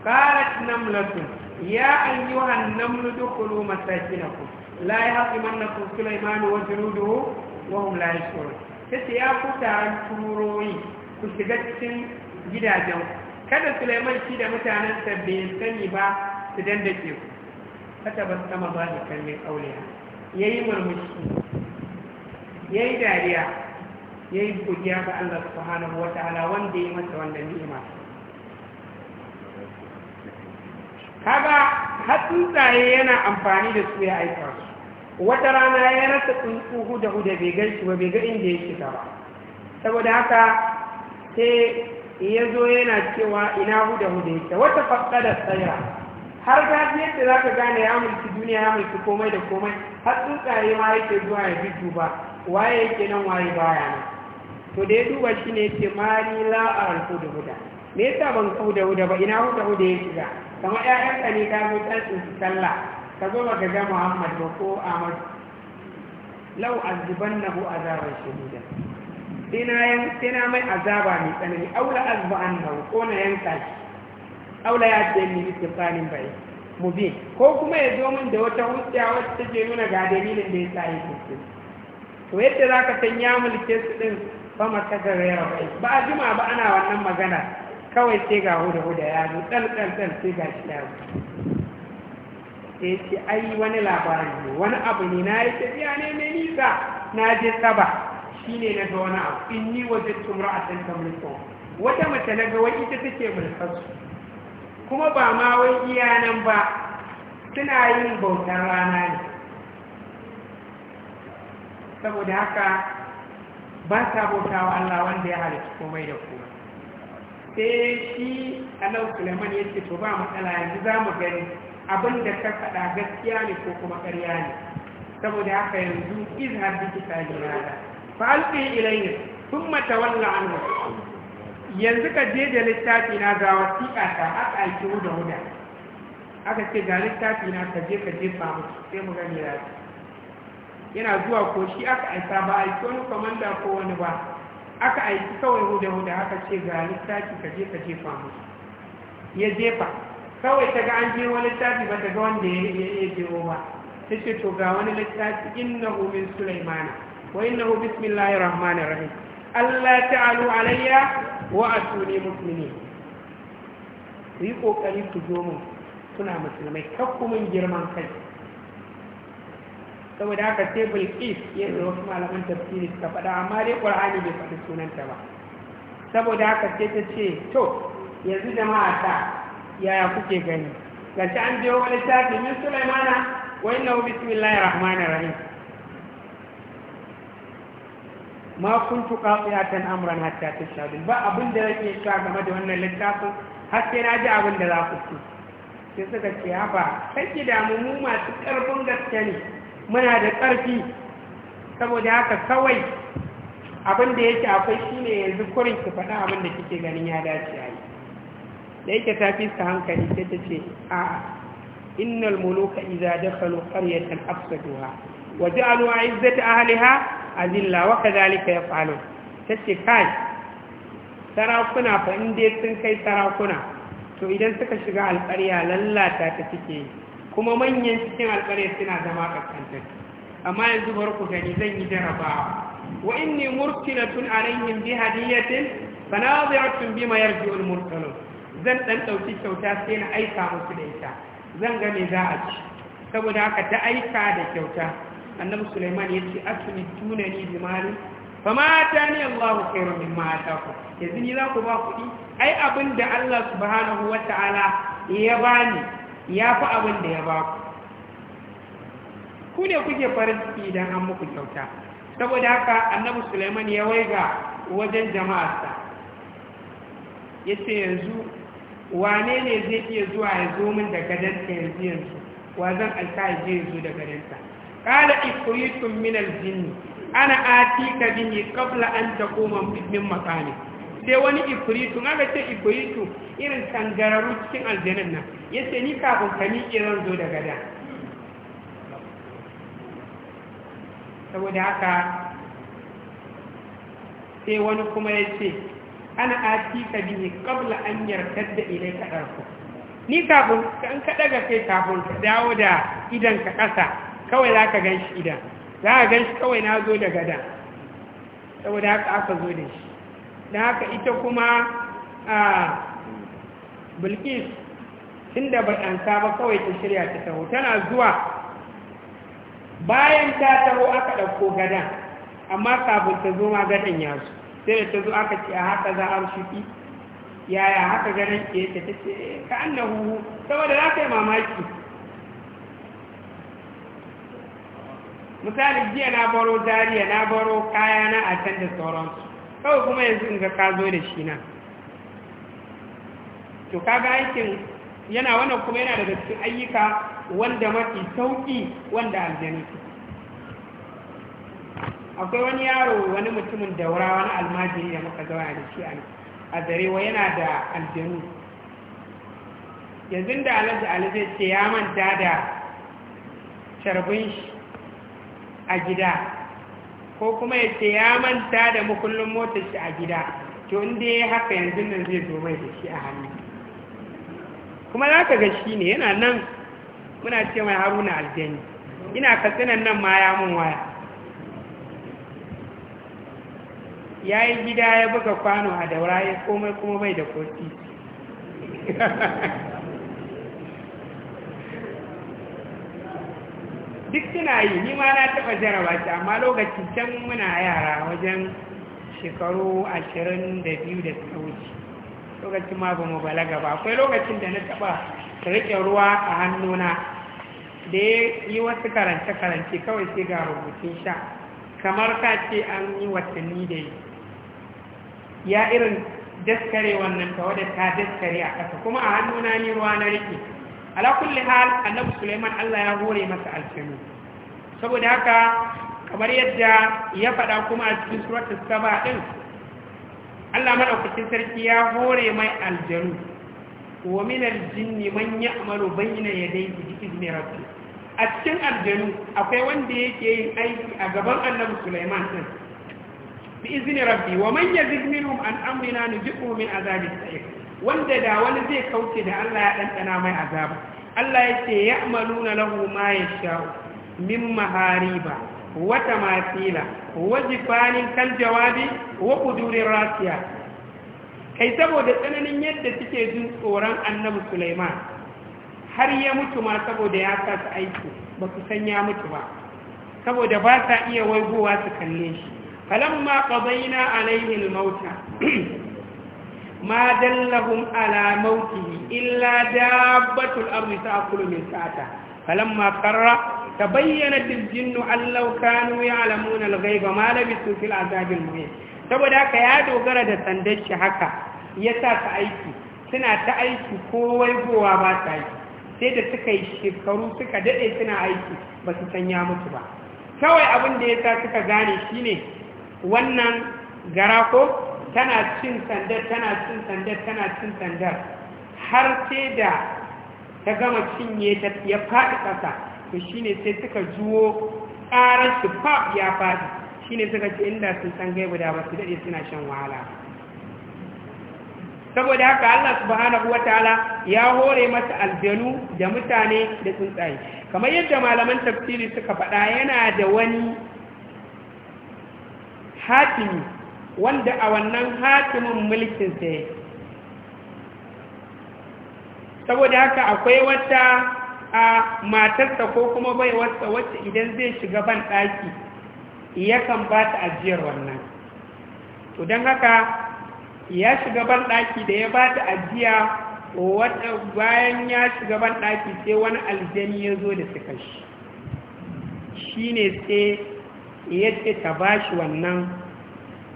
qalat namlatun يا أيها النمل ادخلوا مساكنكم لا يهاجمنكم سليمان وجنوده وهم لا يشعرون tace ya ku taron turoyi ku shiga cikin gidajen kada Sulaiman shi da mutanensa bai sani ba su dandake ku kata ba sama ba da kallon auliya yayi murmushi yayi dariya yayi godiya ga Allah subhanahu wataala wanda ya masa wannan ni'ima kaga har yana amfani da su ya aika su wata rana ya rasa tsuntsu huda huda bai gan shi ba bai ga inda ya shiga ba saboda haka sai ya zo yana cewa ina huda huda yake wata fasta da tsaya har ga yadda za ka gane ya mulki duniya ya mulki komai da komai har tsuntsaye ma yake zuwa ya bi duba, waye yake nan waye baya nan to da ya duba shi ne ce mari la'ar huda huda me yasa ban huda huda ba ina huda huda ya shiga kamar ƴaƴanka ne ta zo ɗan su sallah ka zo baka ga Muhammad ba ko Ahmad law azibannahu azaban shadidan ina yan ina mai azaba mai tsanani aula azba na ko na yanka shi aula ya ce ni misalin bai Mu bi ko kuma ya zo min da wata hujja wacce take nuna ga dalilin da ya sa yi to yadda zaka san ya mulke su din ba maka da ba a jima ba ana wannan magana kawai sai ga huda huda ya zo ɗalɗalɗal sai ga shi ya zo sai ai wani labari ne wani abu ne na yi tafiya ne mai nisa na je saba shi ne na ga wani abu in ni waje tumra a san kamulkan wata mace na ga wani ita take mulkarsu kuma ba ma wai iya nan ba suna yin bautar rana ne saboda haka ba sa bautawa Allah wanda ya halitta komai da ku sai shi annabi Sulaiman ya ce to ba matsala yanzu za mu gani abin da ka faɗa gaskiya ne ko kuma ƙarya ne saboda haka yanzu izhar bi kitabi hada fa alqi sun mata wannan anhu yanzu ka je da littafi na ga wasiƙa ta a aiki huda huda aka ce ga littafi na ka je ka jefa mu sai mu gani yana zuwa ko shi aka aika ba aiki wani kwamanda ko wani ba aka aiki kawai huda-huda aka ce ga littafi ka je ka jefa musu ya jefa kawai ta ga an je wani littafi ba ta ga wanda ya ya jewo ba ta ce to ga wani littafi inna min sulaimana wa inna hu bismillahi rahman rahim Allah ta'alu alayya wa tuni musulmi ku yi kokari ku zo mun suna musulmai kakkumin girman kai saboda haka sai bilkis yi wasu malaman tafsiri suka faɗa amma dai ƙwar'ani bai faɗi sunanta ba saboda haka ce ta ce to yanzu jama'a ta yaya kuke gani ga shi an biyo wani shafi min sulaimana wa inna hu bismillahir rahmanir rahim ma kuntu qati'atan amran hatta tashhadu ba abin da yake ka game da wannan littafin har na ji abin da za ku ci sai suka ce haba kai ki damu mu masu karfin gaske ne muna da ƙarfi saboda haka kawai abin da yake akwai shi ne yanzu kurin ki faɗa abin da kike ganin ya dace a yi da yake ta fi su hankali sai ta ce a innal muluka idza dakhalu qaryatan afsaduha wa ja'alu izzata ahliha azilla wa kadhalika Ta ce kai sarakuna fa in dai sun kai sarakuna to idan suka shiga alƙarya lallata ta cike yi kuma manyan cikin alƙalai suna zama kaskantar amma yanzu bari ku gani zan yi jarabawa wa inni murtilatun alaihim bi hadiyatin fanazi'atun bima yarji'ul murtalun zan dan dauki kyauta sai na aika musu da ita zan ga me za a ci saboda haka ta aika da kyauta annabi Sulaiman ya yace asmi tunani bi mali fama tani ni Allahu khairu mimma ataku yanzu ni za ku ba kuɗi ai abin da Allah subhanahu wata'ala ya bani ya fi abin da ya ba ku ku ne kuke farin ciki idan an muku kyauta saboda haka annabi suleiman ya waiga wajen jama'arsa ya ce yanzu wane ne zai iya zuwa ya zo min da gadanta yanzu yanzu wa zan alka ya je ya zo da gadanta ƙala ikuritun minal jini, ana ati ka bihi qabla an taquma min makamai. sai wani ifritu na ce ifritu irin tangararru cikin aljanin nan ya ce ni kafin ka miƙe zan zo daga da saboda haka sai wani kuma ya ce ana ati ka bihi kabla an yarkar da ilai ka ku. ni kafin kan ka ɗaga kai kafin ka dawo da idan ka ƙasa kawai za ka gan shi idan za ka gan shi kawai na zo daga da saboda haka aka zo da shi da haka ita kuma a bilkis inda bai an ba kawai ta shirya ta taho tana zuwa bayan ta taho aka ɗauko gadan amma kafin ta zo ma gadan ya su sai da ta zo aka ce a haka za a rushiki yaya haka ganin ke yake ta ce eh, ka annahu saboda za ka yi mamaki misali jiya na baro zariya na baro kayana a can da sauransu kawai kuma yanzu in ga ka zo da shi na. to kaga aikin yana wannan kuma yana daga cikin ayyuka wanda mafi sauki wanda aljani akwai wani yaro wani mutumin daura wani almajiri da muka zauna da shi a zarewa yana da aljanu yanzu da alhaji zai ce ya manta da carbin shi a gida ko kuma ya ce ya manta da makullin motar shi a gida to inda ya haka yanzu nan zai zo mai da shi a hannu kuma za ka ga shi ne yana nan muna ce mai haruna aljani ina katsinan nan ma ya mun waya ya yi gida ya buga kwano a daura ya komai kuma bai da kofi duk suna yi ni ma na taɓa jaraba ta amma lokaci can muna yara wajen shekaru ashirin da biyu da suka wuce lokacin ma ba mu balaga ba akwai lokacin da na taɓa rike ruwa a hannuna da ya yi wasu karance-karance kawai sai ga rubutun sha kamar ka ce an yi watanni da yi ya irin daskare wannan ta wadda ta daskare a ƙasa kuma a hannuna ni ruwa na rike ala kulli hal annabi Sulaiman Allah ya hore masa alkanu saboda haka kamar yadda ya faɗa kuma a cikin surat saba ɗin. Allah maɗaukacin sarki ya hore mai aljanu wa min aljinni man ya'malu bayna yadayhi bi izni rabbih a cikin aljanu akwai wanda yake yin aiki a gaban annabi Sulaiman din bi izni rabbi wa man yazid minhum an amrina nujibu min azabi sa'ir wanda da wani zai kauce da Allah ya ɗanɗana mai azaba Allah ya ce ya amaluna lahu ma ya sha'u min mahariba wata matila wajifanin kan jawabi wa kudurin rasiya kai saboda tsananin yadda suke jin tsoron annabi Sulaiman har ya mutu ma saboda ya sa su aiki ba su san ya mutu ba saboda ba sa iya waigowa su kalle shi falamma qadayna alaihi al-mauta ma dallahum ala mautihi illa dabbatul ardi ta'kulu min sa'ata فلما قر تبينت الجن أن لو كانوا يعلمون الغيب ما لبثوا في العذاب المهين saboda haka ya dogara da sandar shi haka ya sa ta aiki suna ta aiki ko waigowa ba ta aiki sai da suka yi shekaru suka daɗe suna aiki ba su sanya mutu ba kawai abin da ya sa suka gane shine wannan gara ko tana cin sandar tana cin sandar tana cin sandar har sai da ta gama cinye ta ya faɗi ƙasa to shine sai suka juwo ƙarar shi fab ya faɗi shine suka ce inda sun san gaibu da ba su daɗe suna shan wahala saboda haka Allah subhanahu wataala ya hore masa aljanu da mutane da tsuntsaye kamar yadda malaman tafsiri suka faɗa yana da wani hatimi wanda a wannan hakimin mulkin sa yake saboda haka akwai wata a matarsa ko kuma bai wata wacce idan zai shiga ban ɗaki yakan ba ta ajiyar wannan to don haka ya shiga ban ɗaki da ya ba ta ajiya wata bayan ya shiga ban ɗaki sai wani aljani ya zo da suka shi shi ne sai ya ta ba shi wannan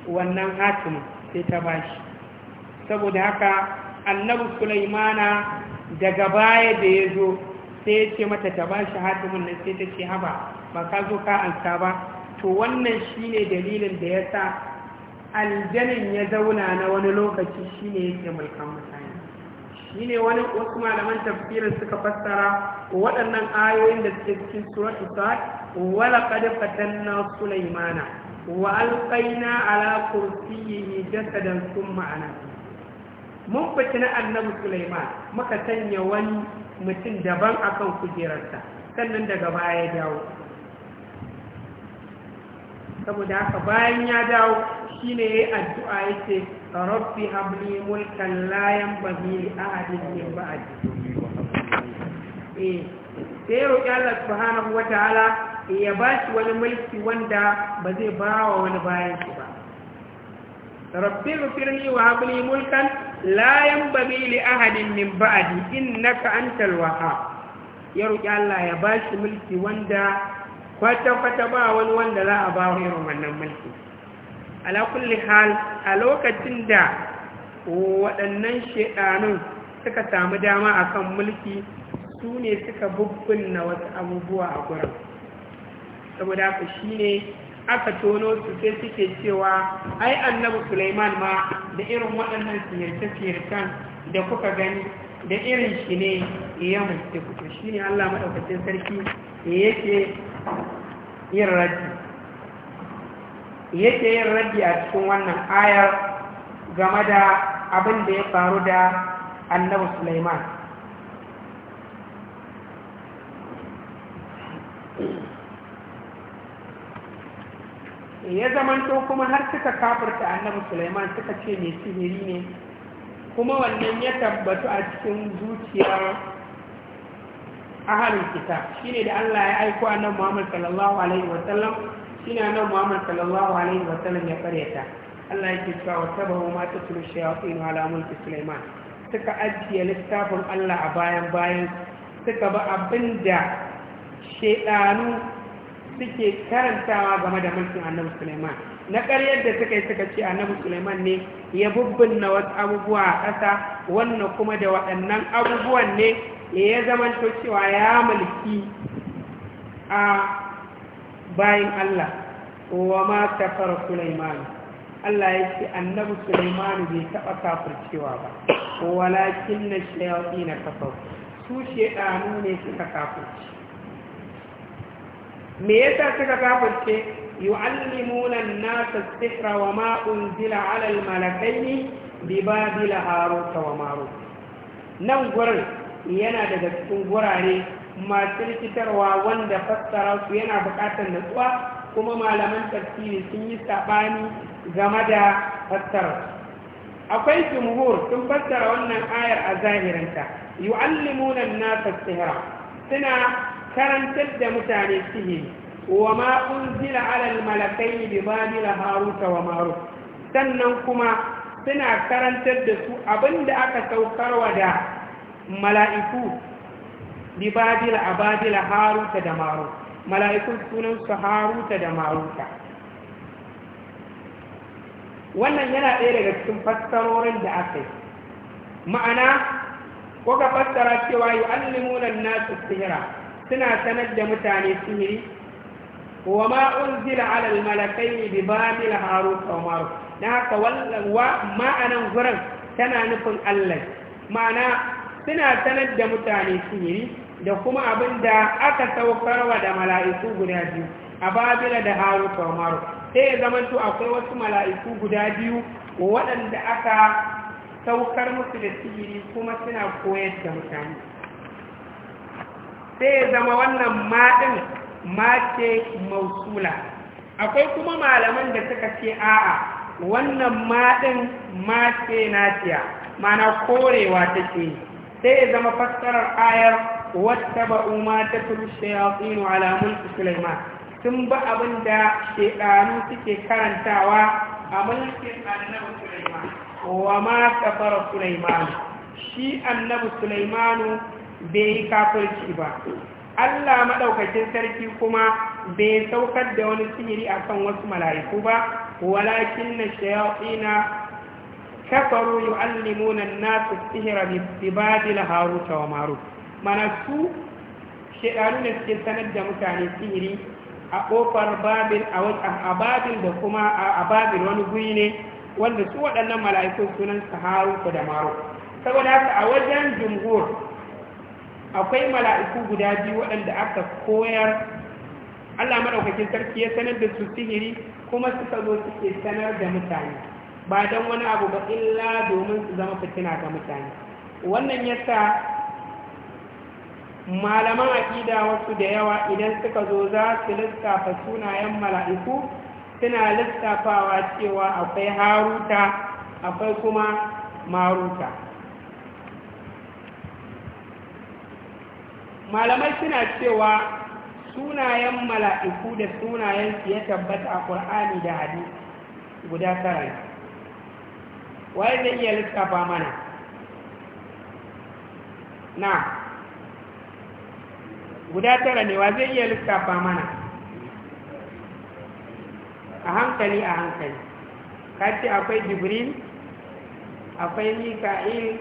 wannan hatimin sai ta bashi saboda haka annabu sulaimana daga baya da ya zo sai ya ce mata ta bashi hatimin nan sai ta ce haba ba ka zo ka ansa ba to wannan shine dalilin da ya sa aljanin ya zauna na wani lokaci shine yake mulkan mutane shine wani wasu malaman tafsirin suka fassara waɗannan ayoyin da suke cikin suratul sad wala qad fatanna sulaimana wa alƙaina ala kursiyyi jasadan sun ma'ana mun na annabi Sulaiman muka sanya wani mutum daban akan kujerarsa sannan daga baya ya dawo saboda haka bayan ya dawo shine yayi addu'a yace rabbi habli mulkan la yanbaghi li ahadin min ba'di eh sai roƙi Allah subhanahu ta'ala ya ba shi wani mulki wanda ba zai ba wa wani bayan shi ba rabbi firni wa mulkan layan babi li ahadin min in ka'antar antal wahhab ya roƙi Allah ya ba shi mulki wanda kwata kwata ba wani wanda za a ba irin wannan mulki Alakulli hal a lokacin da waɗannan shaɗanun suka samu dama a kan mulki su ne suka na wasu abubuwa a gurin saboda haka shine aka tono su sai suke cewa ai annabi Sulaiman ma da irin waɗannan siyarce-siyarcen da kuka gani da irin shi ne ya mace kuka shi ne Allah maɗaukacin sarki yake yin raji yake yin raji a cikin wannan ayar game da abin da ya faru da annabi Sulaiman. ya to kuma har suka kafirta annabi Sulaiman suka ce mai sihiri ne kuma wannan ya tabbatu a cikin zuciyar ahalin kita shine da Allah ya aiko annabi Muhammad sallallahu alaihi wasallam shine annabi Muhammad sallallahu alaihi wasallam ya karyata Allah ya cewa wa tabahu ma tatlu shayatin ala mulki Sulaiman suka ajiye littafin Allah a bayan bayan suka ba abinda shedanu suke karantawa game da mulkin annabi suleiman na ƙaryar da suka yi suka ce annabi sulaiman ne ya bubbinna wasu abubuwa a ƙasa wannan kuma da waɗannan abubuwan ne ya zamanto cewa ya mulki a bayan allah wa ma kafara suleiman allah ya ce annabi suleiman bai taɓa kafircewa ba walakin na shayafi na kafar su shaɗanu ne suka kafirce me yasa suka kafirce yu'allimuna an-nasa as-sihra wa ma unzila 'ala al-malakaini bi babila harut wa marut nan gurin yana daga cikin gurare masu rikitarwa wanda fassara su yana buƙatar natsuwa kuma malaman tafsiri sun yi saɓani game da fassara akwai jumhur sun fassara wannan ayar a zahirinta yu'allimuna an-nasa as-sihra suna karantar da mutane sihiri wa ma unzila ala al-malakai bi babil haruta wa marut sannan kuma suna karantar da su abinda aka saukarwa da mala'iku bi babil ababil haruta da marut mala'ikun sunan su haruta da maruta wannan yana ɗaya daga cikin fassarorin da aka yi ma'ana ko ka fassara cewa yi allimunan nasu sihira suna sanar da mutane sihiri wa ma unzila ala almalakaini bi babil harut wa maru dan haka wa ma'anan gurin tana nufin Allah ma'ana suna sanar da mutane sihiri da kuma abin da aka saukarwa da mala'iku guda biyu a babila da harut wa maru sai ya zamanto akwai wasu mala'iku guda biyu waɗanda aka saukar musu da sihiri kuma suna koyar da mutane sai zama wannan maɗin mace mausula akwai kuma malaman da suka ce a'a wannan maɗin mace naciya mana korewa take sai zama fassarar ayar wata ba'u mata turushe ya tsino alamun suleiman sun ba abin da shekaru suke karantawa a mulkin annabi suleiman wa ma kafara suleiman shi annabu suleimanu bai yi kafirci ba Allah maɗaukacin sarki kuma bai saukar da wani sihiri akan wasu mala'iku ba walakin na kafaru yu'allimuna an-nasu sihra bi ibadil harut wa Maru. mana su shedanu ne suke sanar da mutane sihiri a kofar babil a babil da kuma a babil wani guri ne wanda su waɗannan mala'ikun sunan su haruta da Maru. saboda haka a wajen jumhur akwai mala'iku guda biyu waɗanda aka koyar Allah maɗaukakin sarki ya sanar da su sihiri kuma suka zo suke sanar da mutane ba don wani abu ba illa domin su zama fitina ga mutane wannan ya sa malaman aƙida wasu da yawa idan suka zo za su lissafa sunayen mala'iku suna lissafawa cewa akwai haruta akwai kuma maruta malamai suna cewa sunayen mala'iku da sunayen su ya tabbata a ƙul'ani da hadu guda tara waye zai iya lissafa mana na guda tara ne wa zai iya lissafa mana a hankali a hankali kace akwai jibril akwai mika'il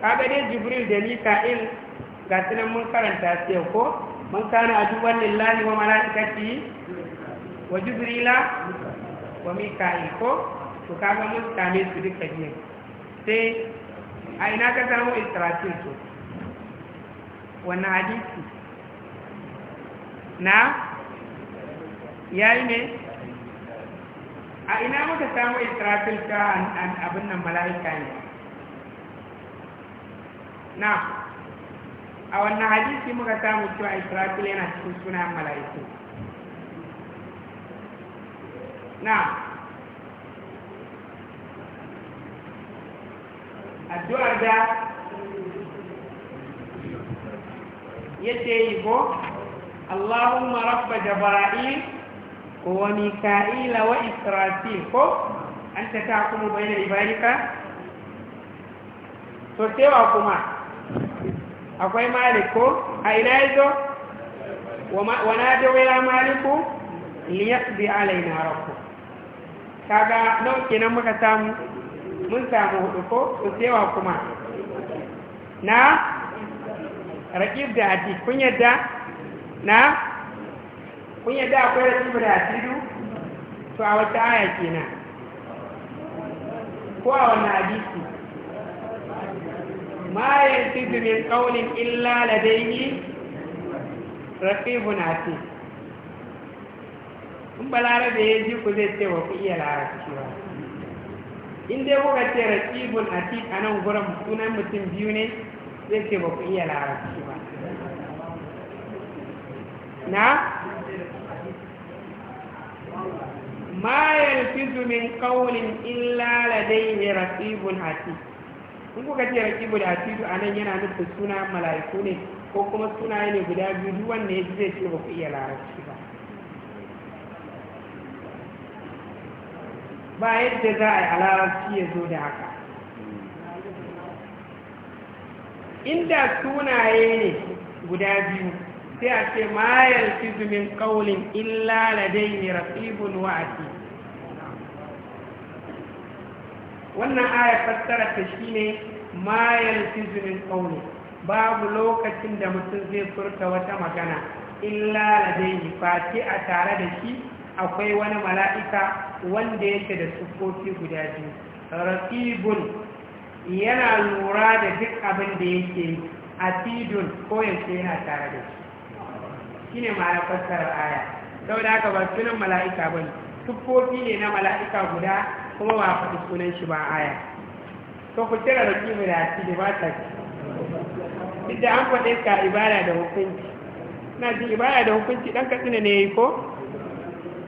kaga dai jibril da mika'il ga tunan mun karanta su yau ko man kana aduwan lillahi wa malaikati wa jibrila wa mika'il ko to kaga mun same su duka biyan sai a ina ka samu istirafin to wannan hadisi na yayi ne a ina muka samu istirafin ta abin nan mala'ika ne na a wannan hadisi muka samu cewa israfil yana cikin sunayen mala'iku na addu'ar da yake yi ko allahumma rabba jabra'il wa mika'ila wa israfil ko an ta ta kuma bayan ibarika to sai wa kuma akwai malik ko a ina ya zo wa na dawo ya maliku liyaqdi alaina rabbu kaga nau kenan muka samu mun samu hudu ko sewa kuma na rakib da hati kun yadda na kun yadda akwai rakib da hati du to a wata aya kenan ko a wani hadisi ma من قول إلا لديه رقيب raqibun kun in balarabe ya ji ku zai ce wa ku iya larabci ba in dai kuka ce a ti a nan gurin sunan mutum biyu ne zai ce ba ku iya larabci ba na ma yantizu min qawlin illa ladayhi a ti in kuka ce rakibu da hatidu a nan yana nufin suna mala'iku ne ko kuma suna ne guda biyu duk wanda ya zai ce ba ku iya larabci ba ba yadda za a yi a larabci ya zo da haka inda sunaye ne guda biyu sai a ce ma yalci zumin ƙaunin illa ladai ne rasibun wa'azi. wannan aya fassara ta shi ne mayar min qawli babu lokacin da mutum zai furta wata magana illa yi. fati a tare da shi akwai wani mala'ika wanda yake da sufofi guda biyu raqibun yana lura da duk abin da yake atidun ko yace yana tare da shi shine ma'ana fassara aya da aka ba sunan mala'ika ba ne. sufofi ne na mala'ika guda kuma ba a faɗi sunan shi ba aya to ku cire da kimi da ci da ba ta duk da an faɗe ka ibada da hukunci na ji ibada da hukunci ɗan katsina ne ya yi ko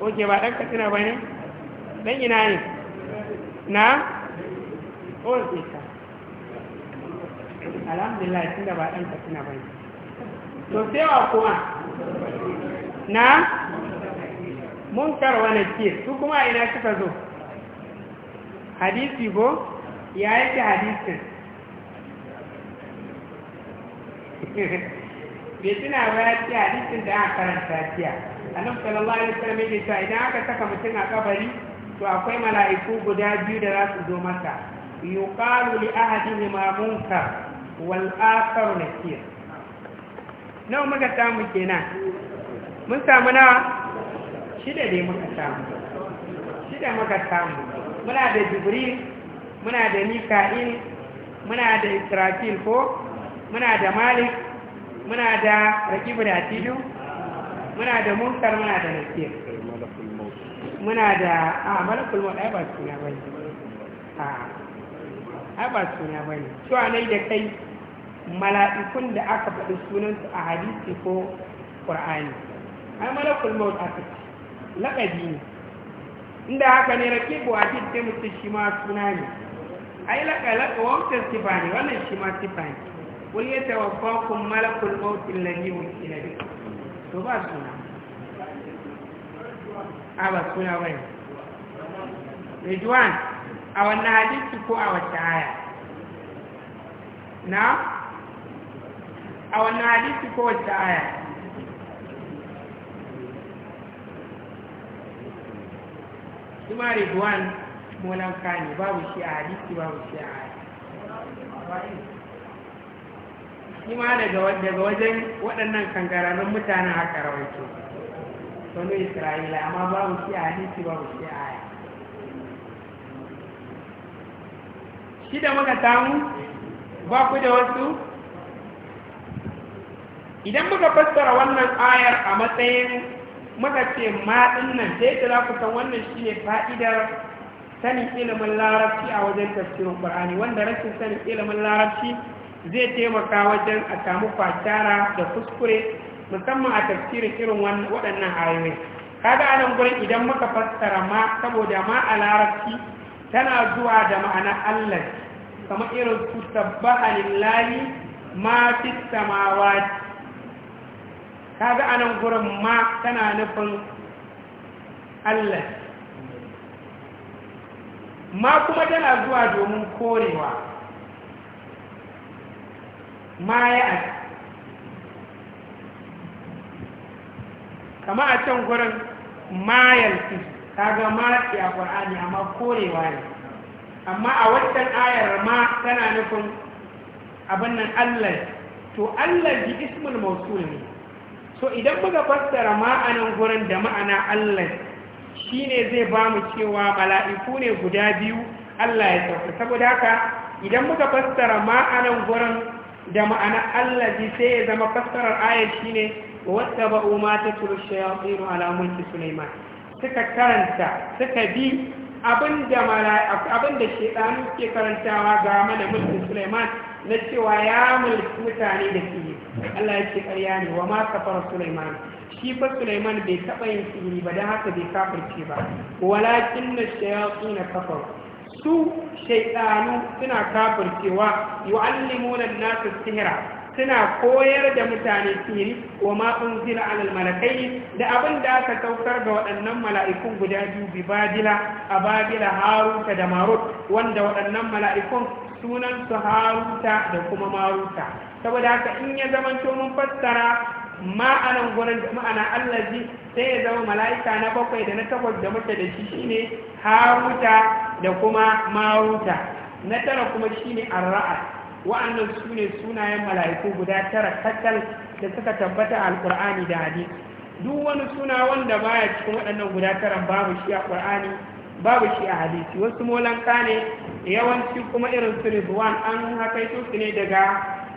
oke ba ɗan katsina ba ne Dan ina ne na oke ka alhamdulillah tun da ba ɗan katsina ba ne to sai wa kuma na Mun karwa na nakir su kuma ina suka zo hadisi ko ya yake hadisin bai tuna ba ya ce hadisin da aka karanta tiya annabi sallallahu alaihi wasallam ya ce idan aka saka mutum a kabari to akwai mala'iku guda biyu da za su zo masa yuqalu li ma munkar wal akhar nakir nawa muka samu kenan mun samu nawa shida dai muka samu shida muka samu muna da jibril muna da mika'il muna da israfil ko muna da malik muna da rakibu da atidu muna da munkar muna da nakir muna da a malakul mota ya ba suna bai a ba ba suna bai cewa nai da kai mala'ikun da aka faɗi sunansu a hadisi ko ƙur'ani A malakul maut aka laƙabi ne inda haka ne rakibu hadid da mutum shi ma suna ne a yi laka wancan sifa ne wannan shi ma sifa ne wani ya tawafa kun malakul mautin lahi wa kilari to ba suna a ba suna wani rijuwan a wannan hadisi ko a wata aya na a wannan hadisi ko wata aya kuma ridwan molanka ne babu shi a hadisi babu shi a hadisi ma daga wajen waɗannan kankararrun mutanen haka rawaito wani isra'ila amma babu shi a hadisi babu shi a hadisi shi da muka samu ba ku da wasu idan muka fassara wannan ayar a matsayin muka ce ma nan sai da za ku san wannan shine fa'idar sanin ilimin larabci a wajen tafsirin qur'ani wanda rashin sanin ilimin larabci zai taimaka wajen a samu kwatara da kuskure musamman a tafsirin irin waɗannan ayoyi kaga anan gurin idan muka fassara ma saboda ma a larabci tana zuwa da ma'ana Allah kamar irin su tabbaha lillahi ma fi samawati kaga anan gurin ma tana nufin Allah ma kuma tana zuwa domin korewa ma ya kama a can gurin ma ta kaga ma ya ƙwar'ani amma korewa ne amma a wancan ayar ma tana nufin abin nan Allah to Allah ji ismul mausul ne so idan muka fassara ma'anan gurin da ma'ana Allah shi ne zai ba mu cewa mala'iku ne guda biyu Allah ya sauka saboda haka idan muka fassara ma'anan gurin da ma'ana Allah ji sai ya zama fassarar ayar shine wata ba'u ma ta turu shayatinu alamun mulki Sulaiman suka karanta suka bi abin da shedanu ke karantawa ga mana mulkin Sulaiman na cewa ya mulki mutane da ke Allah ya ce ƙarya ne wa ma kafara Sulaiman shi fa Sulaiman bai taɓa yin sihiri ba don haka bai kafirce ba walakin na shayatsu na kafar su shaidanu suna kafircewa yu'allimuna nasu sihira suna koyar da mutane sihiri wa ma unzila alal malakai da abin da aka saukar ga waɗannan mala'ikun guda biyu bi a babila haruta da marut wanda waɗannan mala'ikun sunan su haruta da kuma maruta saboda haka in ya zama mun fassara ma'anan gurin da ma'ana allazi sai ya zama mala'ika na bakwai da na takwas da muke da shi shine haruta da kuma maruta na tara kuma shine arra'a wa'annan su ne sunayen mala'iku guda tara katal da suka tabbata alkur'ani da hadisi duk wani suna wanda baya cikin waɗannan guda tara babu shi a ƙur'ani babu shi a hadisi wasu molanka ne yawanci kuma irin su rizwan an yi su ne daga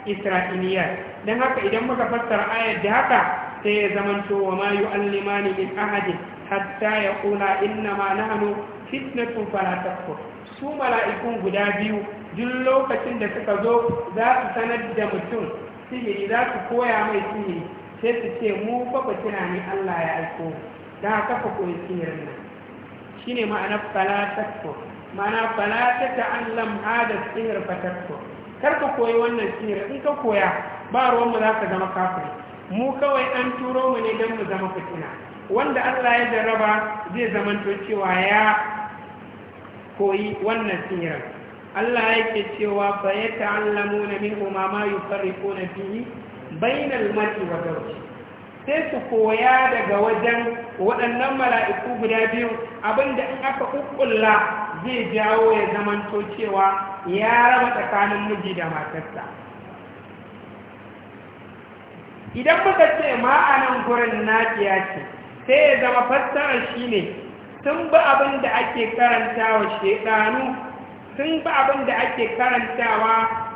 isra'iliya don haka idan muka fassara ayar da haka sai ya zamanto wa ma yu'allimani min ahadin hatta yaqula inna ma hannu fitnatun fara su mala'ikun guda biyu duk lokacin da suka zo za su sanar da mutum sihiri za su koya mai sihiri sai su ce mu fa ne Allah ya aiko da haka fa koyi sihirin nan shine ma'ana fala takfur ma'ana fala ta ta'allam sihir fa takfur kar ka koyi wannan sihir in ka koya ba ruwan mu za ka zama kafin, mu kawai an turo mu ne don mu zama fitina wanda Allah ya jarraba zai zamanto cewa ya koyi wannan sihirin Allah ke cewa fa ya umama minhu ma ma na fihi bainal mar'i wa zawji sai su koya daga wajen waɗannan mala'iku guda biyu abinda in aka ƙuƙulla zai jawo ya zamanto cewa ya raba tsakanin miji da matarsa idan muka ce ma'anan gurin nafiya ce sai ya zama fassara shi ne sun bi abin da ake karantawa shekaru sun bi abin da ake karantawa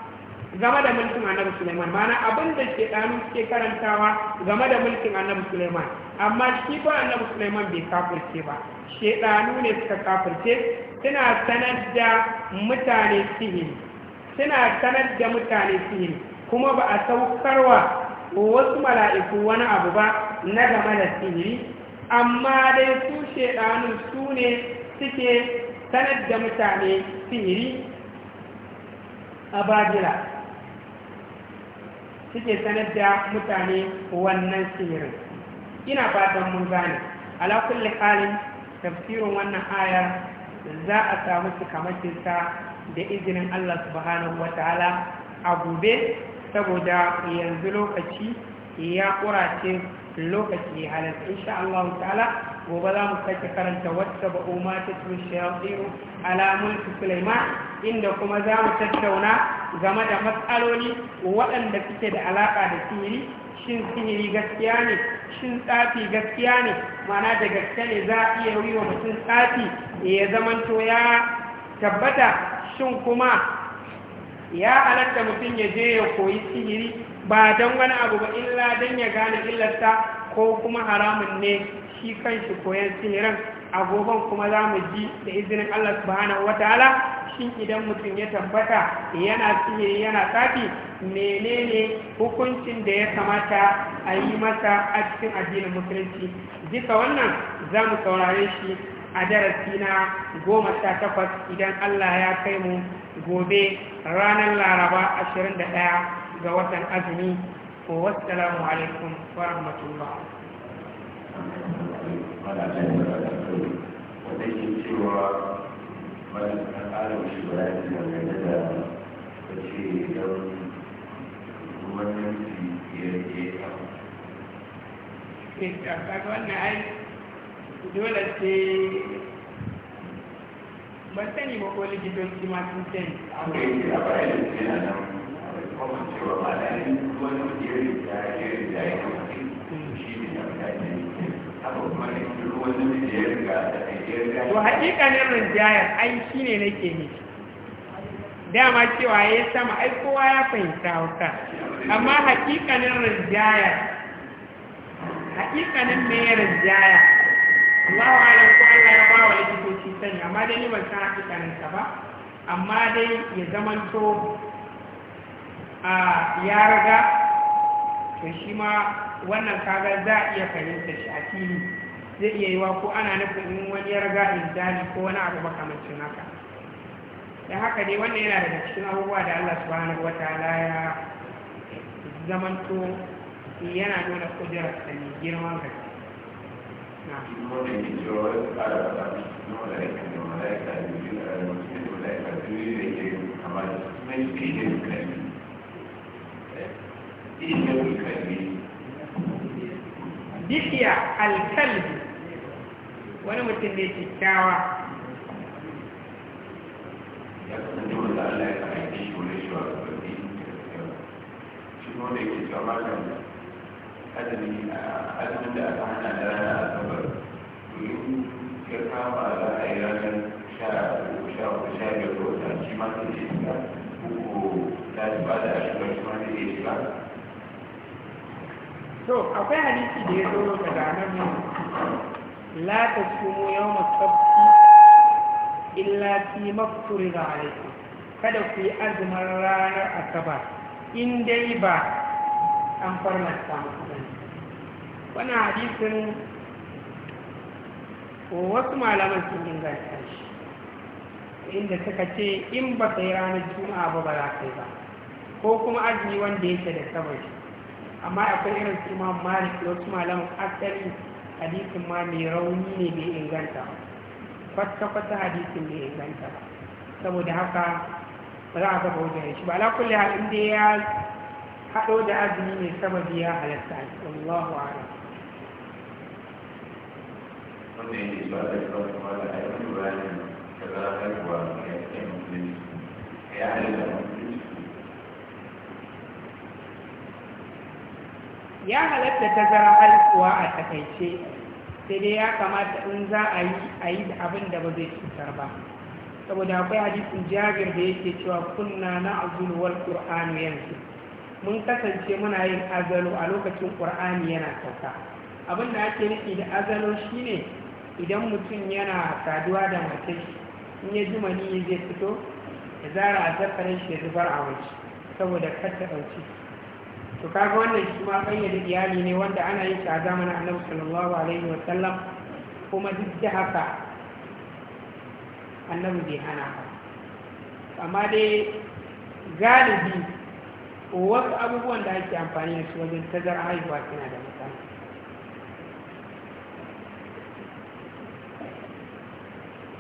game da mulkin annabi Sulaiman mana abin da ke ɗanu suke karantawa game da mulkin annabi Sulaiman amma shi ba annabi Sulaiman bai kafirce ba shedanu ne suka kafirce suna sanar da mutane sihiri suna sanar da mutane sihiri kuma ba a saukarwa wasu mala'iku wani abu ba na game da sihiri amma dai su shedanu su ne suke sanar da mutane sihiri a bajira. suke sanar da mutane wannan sirrin ina fatan mun gane ala kulli halin tafsirin wannan ayar za a samu sakamakinsa da izinin Allah subhanahu wataala a gobe saboda yanzu lokaci ya kurace lokaci ya insha Allah ta'ala gobe za mu sake karanta wata ba umma ta tun shayatsiru ala mulki Sulaiman inda kuma za mu tattauna game da matsaloli waɗanda suke da alaƙa da sihiri shin sihiri gaskiya ne shin tsafi gaskiya ne mana da gaske ne za a iya yi wa mutum tsafi ya zamanto ya tabbata shin kuma ya halatta mutum ya je ya koyi sihiri ba don wani abu ba illa don ya gane illasta ko kuma haramun ne shi kanshi koyan sihirin agogon kuma za mu ji da izinin Allah subhanahu wataala shin idan mutum ya tabbata yana sihiri yana tsafi menene hukuncin da ya kamata a yi masa a cikin addinin musulunci duka wannan za mu saurare shi a darasi na goma sha takwas idan Allah ya kai mu gobe ranar laraba ashirin da ɗaya ga watan azumi ko wasu alaikum wa rahmatullah wannan ai dole sai ban sani ba ko likitoci ma sun sani a bayan yana nan kwamon cewa ne na mutane da ya ai shi nake nufi dama cewa ya yi sama ai kowa ya fahimta wuta amma hakikanin rinjayar, hakikanin me rinjayar. wa alam ko Allah ya ba wa likitoci sani amma dai ni ban san hakikaninsa ba amma dai ya zamanto a ya raga to shi ma wannan kaga za a iya fahimta shi a fili zai iya yi wa ko ana nufin in wani ya in inzali ko wani abu makamancin haka Da haka dai wannan yana daga cikin abubuwa da Allah subhanahu wataala ya zamanto yana nuna kujerar sani girman gaske bishiya alkalbi wani mutum ne kyakkyawa ya kasance wanda ya shi wani shi wa shi azumi da da kama za a yi shiga ko ta ba da shiga akwai hadisi da ya zo daga nan la tasumu yawma sabti illa fi mafturida alaykum kada ku yi azumin ranar asabar in dai ba an farmata muku wannan hadisin wasu malaman sun inganta shi inda suka ce in ba sai ranar juma'a ba ba za ka yi ba ko kuma azumi wanda yake da sabashi amma akwai irin su ma malik da wasu malaman asali hadisin ma mai rauni ne bai inganta ba kwata-kwata hadisin bai inganta ba saboda haka ba za a gaba wajen shi ba alakulli kulli hal dai ya haɗo da azumi mai sababi ya halatta Allahu a'ala ya ce musulunci ya halitta ya halatta tazara haihuwa a takaice sai dai ya kamata in za a yi a yi da abin da ba zai cutar ba saboda akwai hadisin jabir da yake cewa kunna na azuruwar wal yanzu mun kasance muna yin azalo a lokacin ƙur'ani yana sauka abin da ake nufi da azalo shine idan mutum yana saduwa da mace in ya ji mani zai fito ya zara a zafarin shi ya zubar a waje saboda kata ɗauki to kaga wannan shi ma bayyana iyali ne wanda ana yi shi a zamanin annabi sallallahu alaihi wa sallam kuma duk da haka annabi bai hana ba amma dai galibi wasu abubuwan da ake amfani da su wajen tazar haihuwa suna da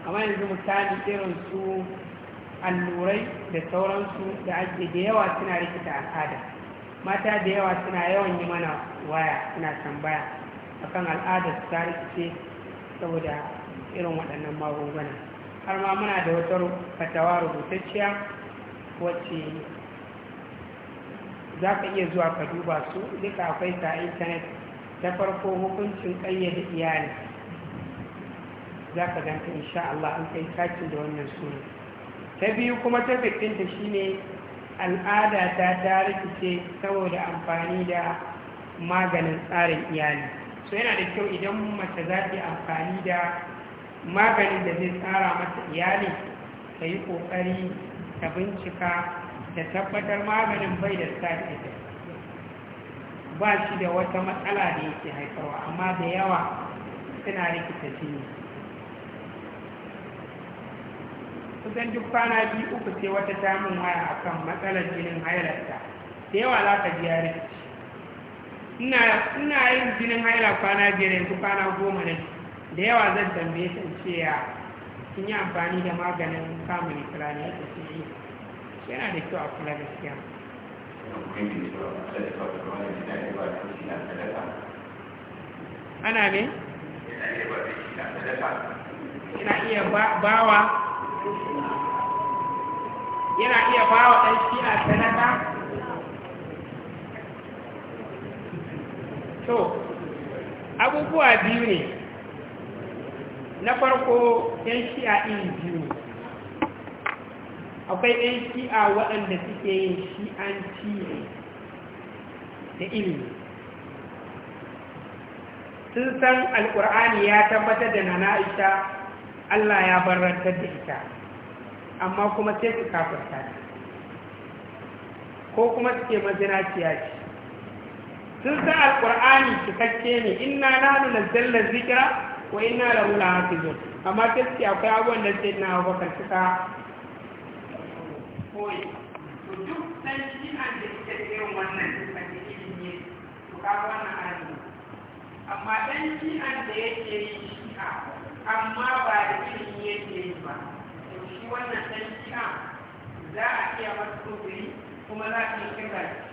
amma yanzu misali irin su allurai da sauransu da ake da yawa suna rikita al'ada mata da yawa suna yawan yi mana waya suna tambaya akan al'adar su ta rikice saboda irin waɗannan magunguna har ma muna da wata fatawa rubutacciya wacce za ka iya zuwa ka duba su duka akwai ta intanet ta farko hukuncin ƙayyade iyali za ka ganta insha Allah an kai kakin da wannan suna ta biyu kuma ta fikinta shi ne al'ada ta ta rikice saboda amfani da maganin tsarin iyali so yana da kyau idan mace za ta amfani da maganin da zai tsara mata iyali ta yi ƙoƙari ta bincika da tabbatar maganin bai da sake ba shi da wata matsala da yake haifarwa amma da yawa suna rikita jini kusan duk kwana biyu uku ce wata samun waya akan matsalar jinin hailarta da yawa za ka ji yare ina yin jinin haila kwana biyar yanzu kwana goma ne da yawa zan tambaye ta ce ya sun yi amfani da maganin samun ne ya su yi yana da kyau a kula gaskiya ana ne? ina iya bawa yana iya bawa wa shi a sanata? to abubuwa biyu ne na farko ɗan a iri biyu akwai ɗan a waɗanda suke yin shi'anci ne da ilimi sun san alƙur'ani ya tabbatar da na na'isha Allah ya barantar da ita amma kuma sai su kafarta ta ko kuma suke mazinaciya ce sun san alkur'ani cikakke ne inna zikira, ko ina wa inna haka zo amma sai suke akwai abubuwan da sai na abubakar cika. koyi to duk dan shi an da suke irin wannan a cikin ne to ka wannan ayi amma dan shi an da yake yi shi amma ba da irin yake yi ba shi wannan ɗan za a iya masa kuzuri kuma za a iya kira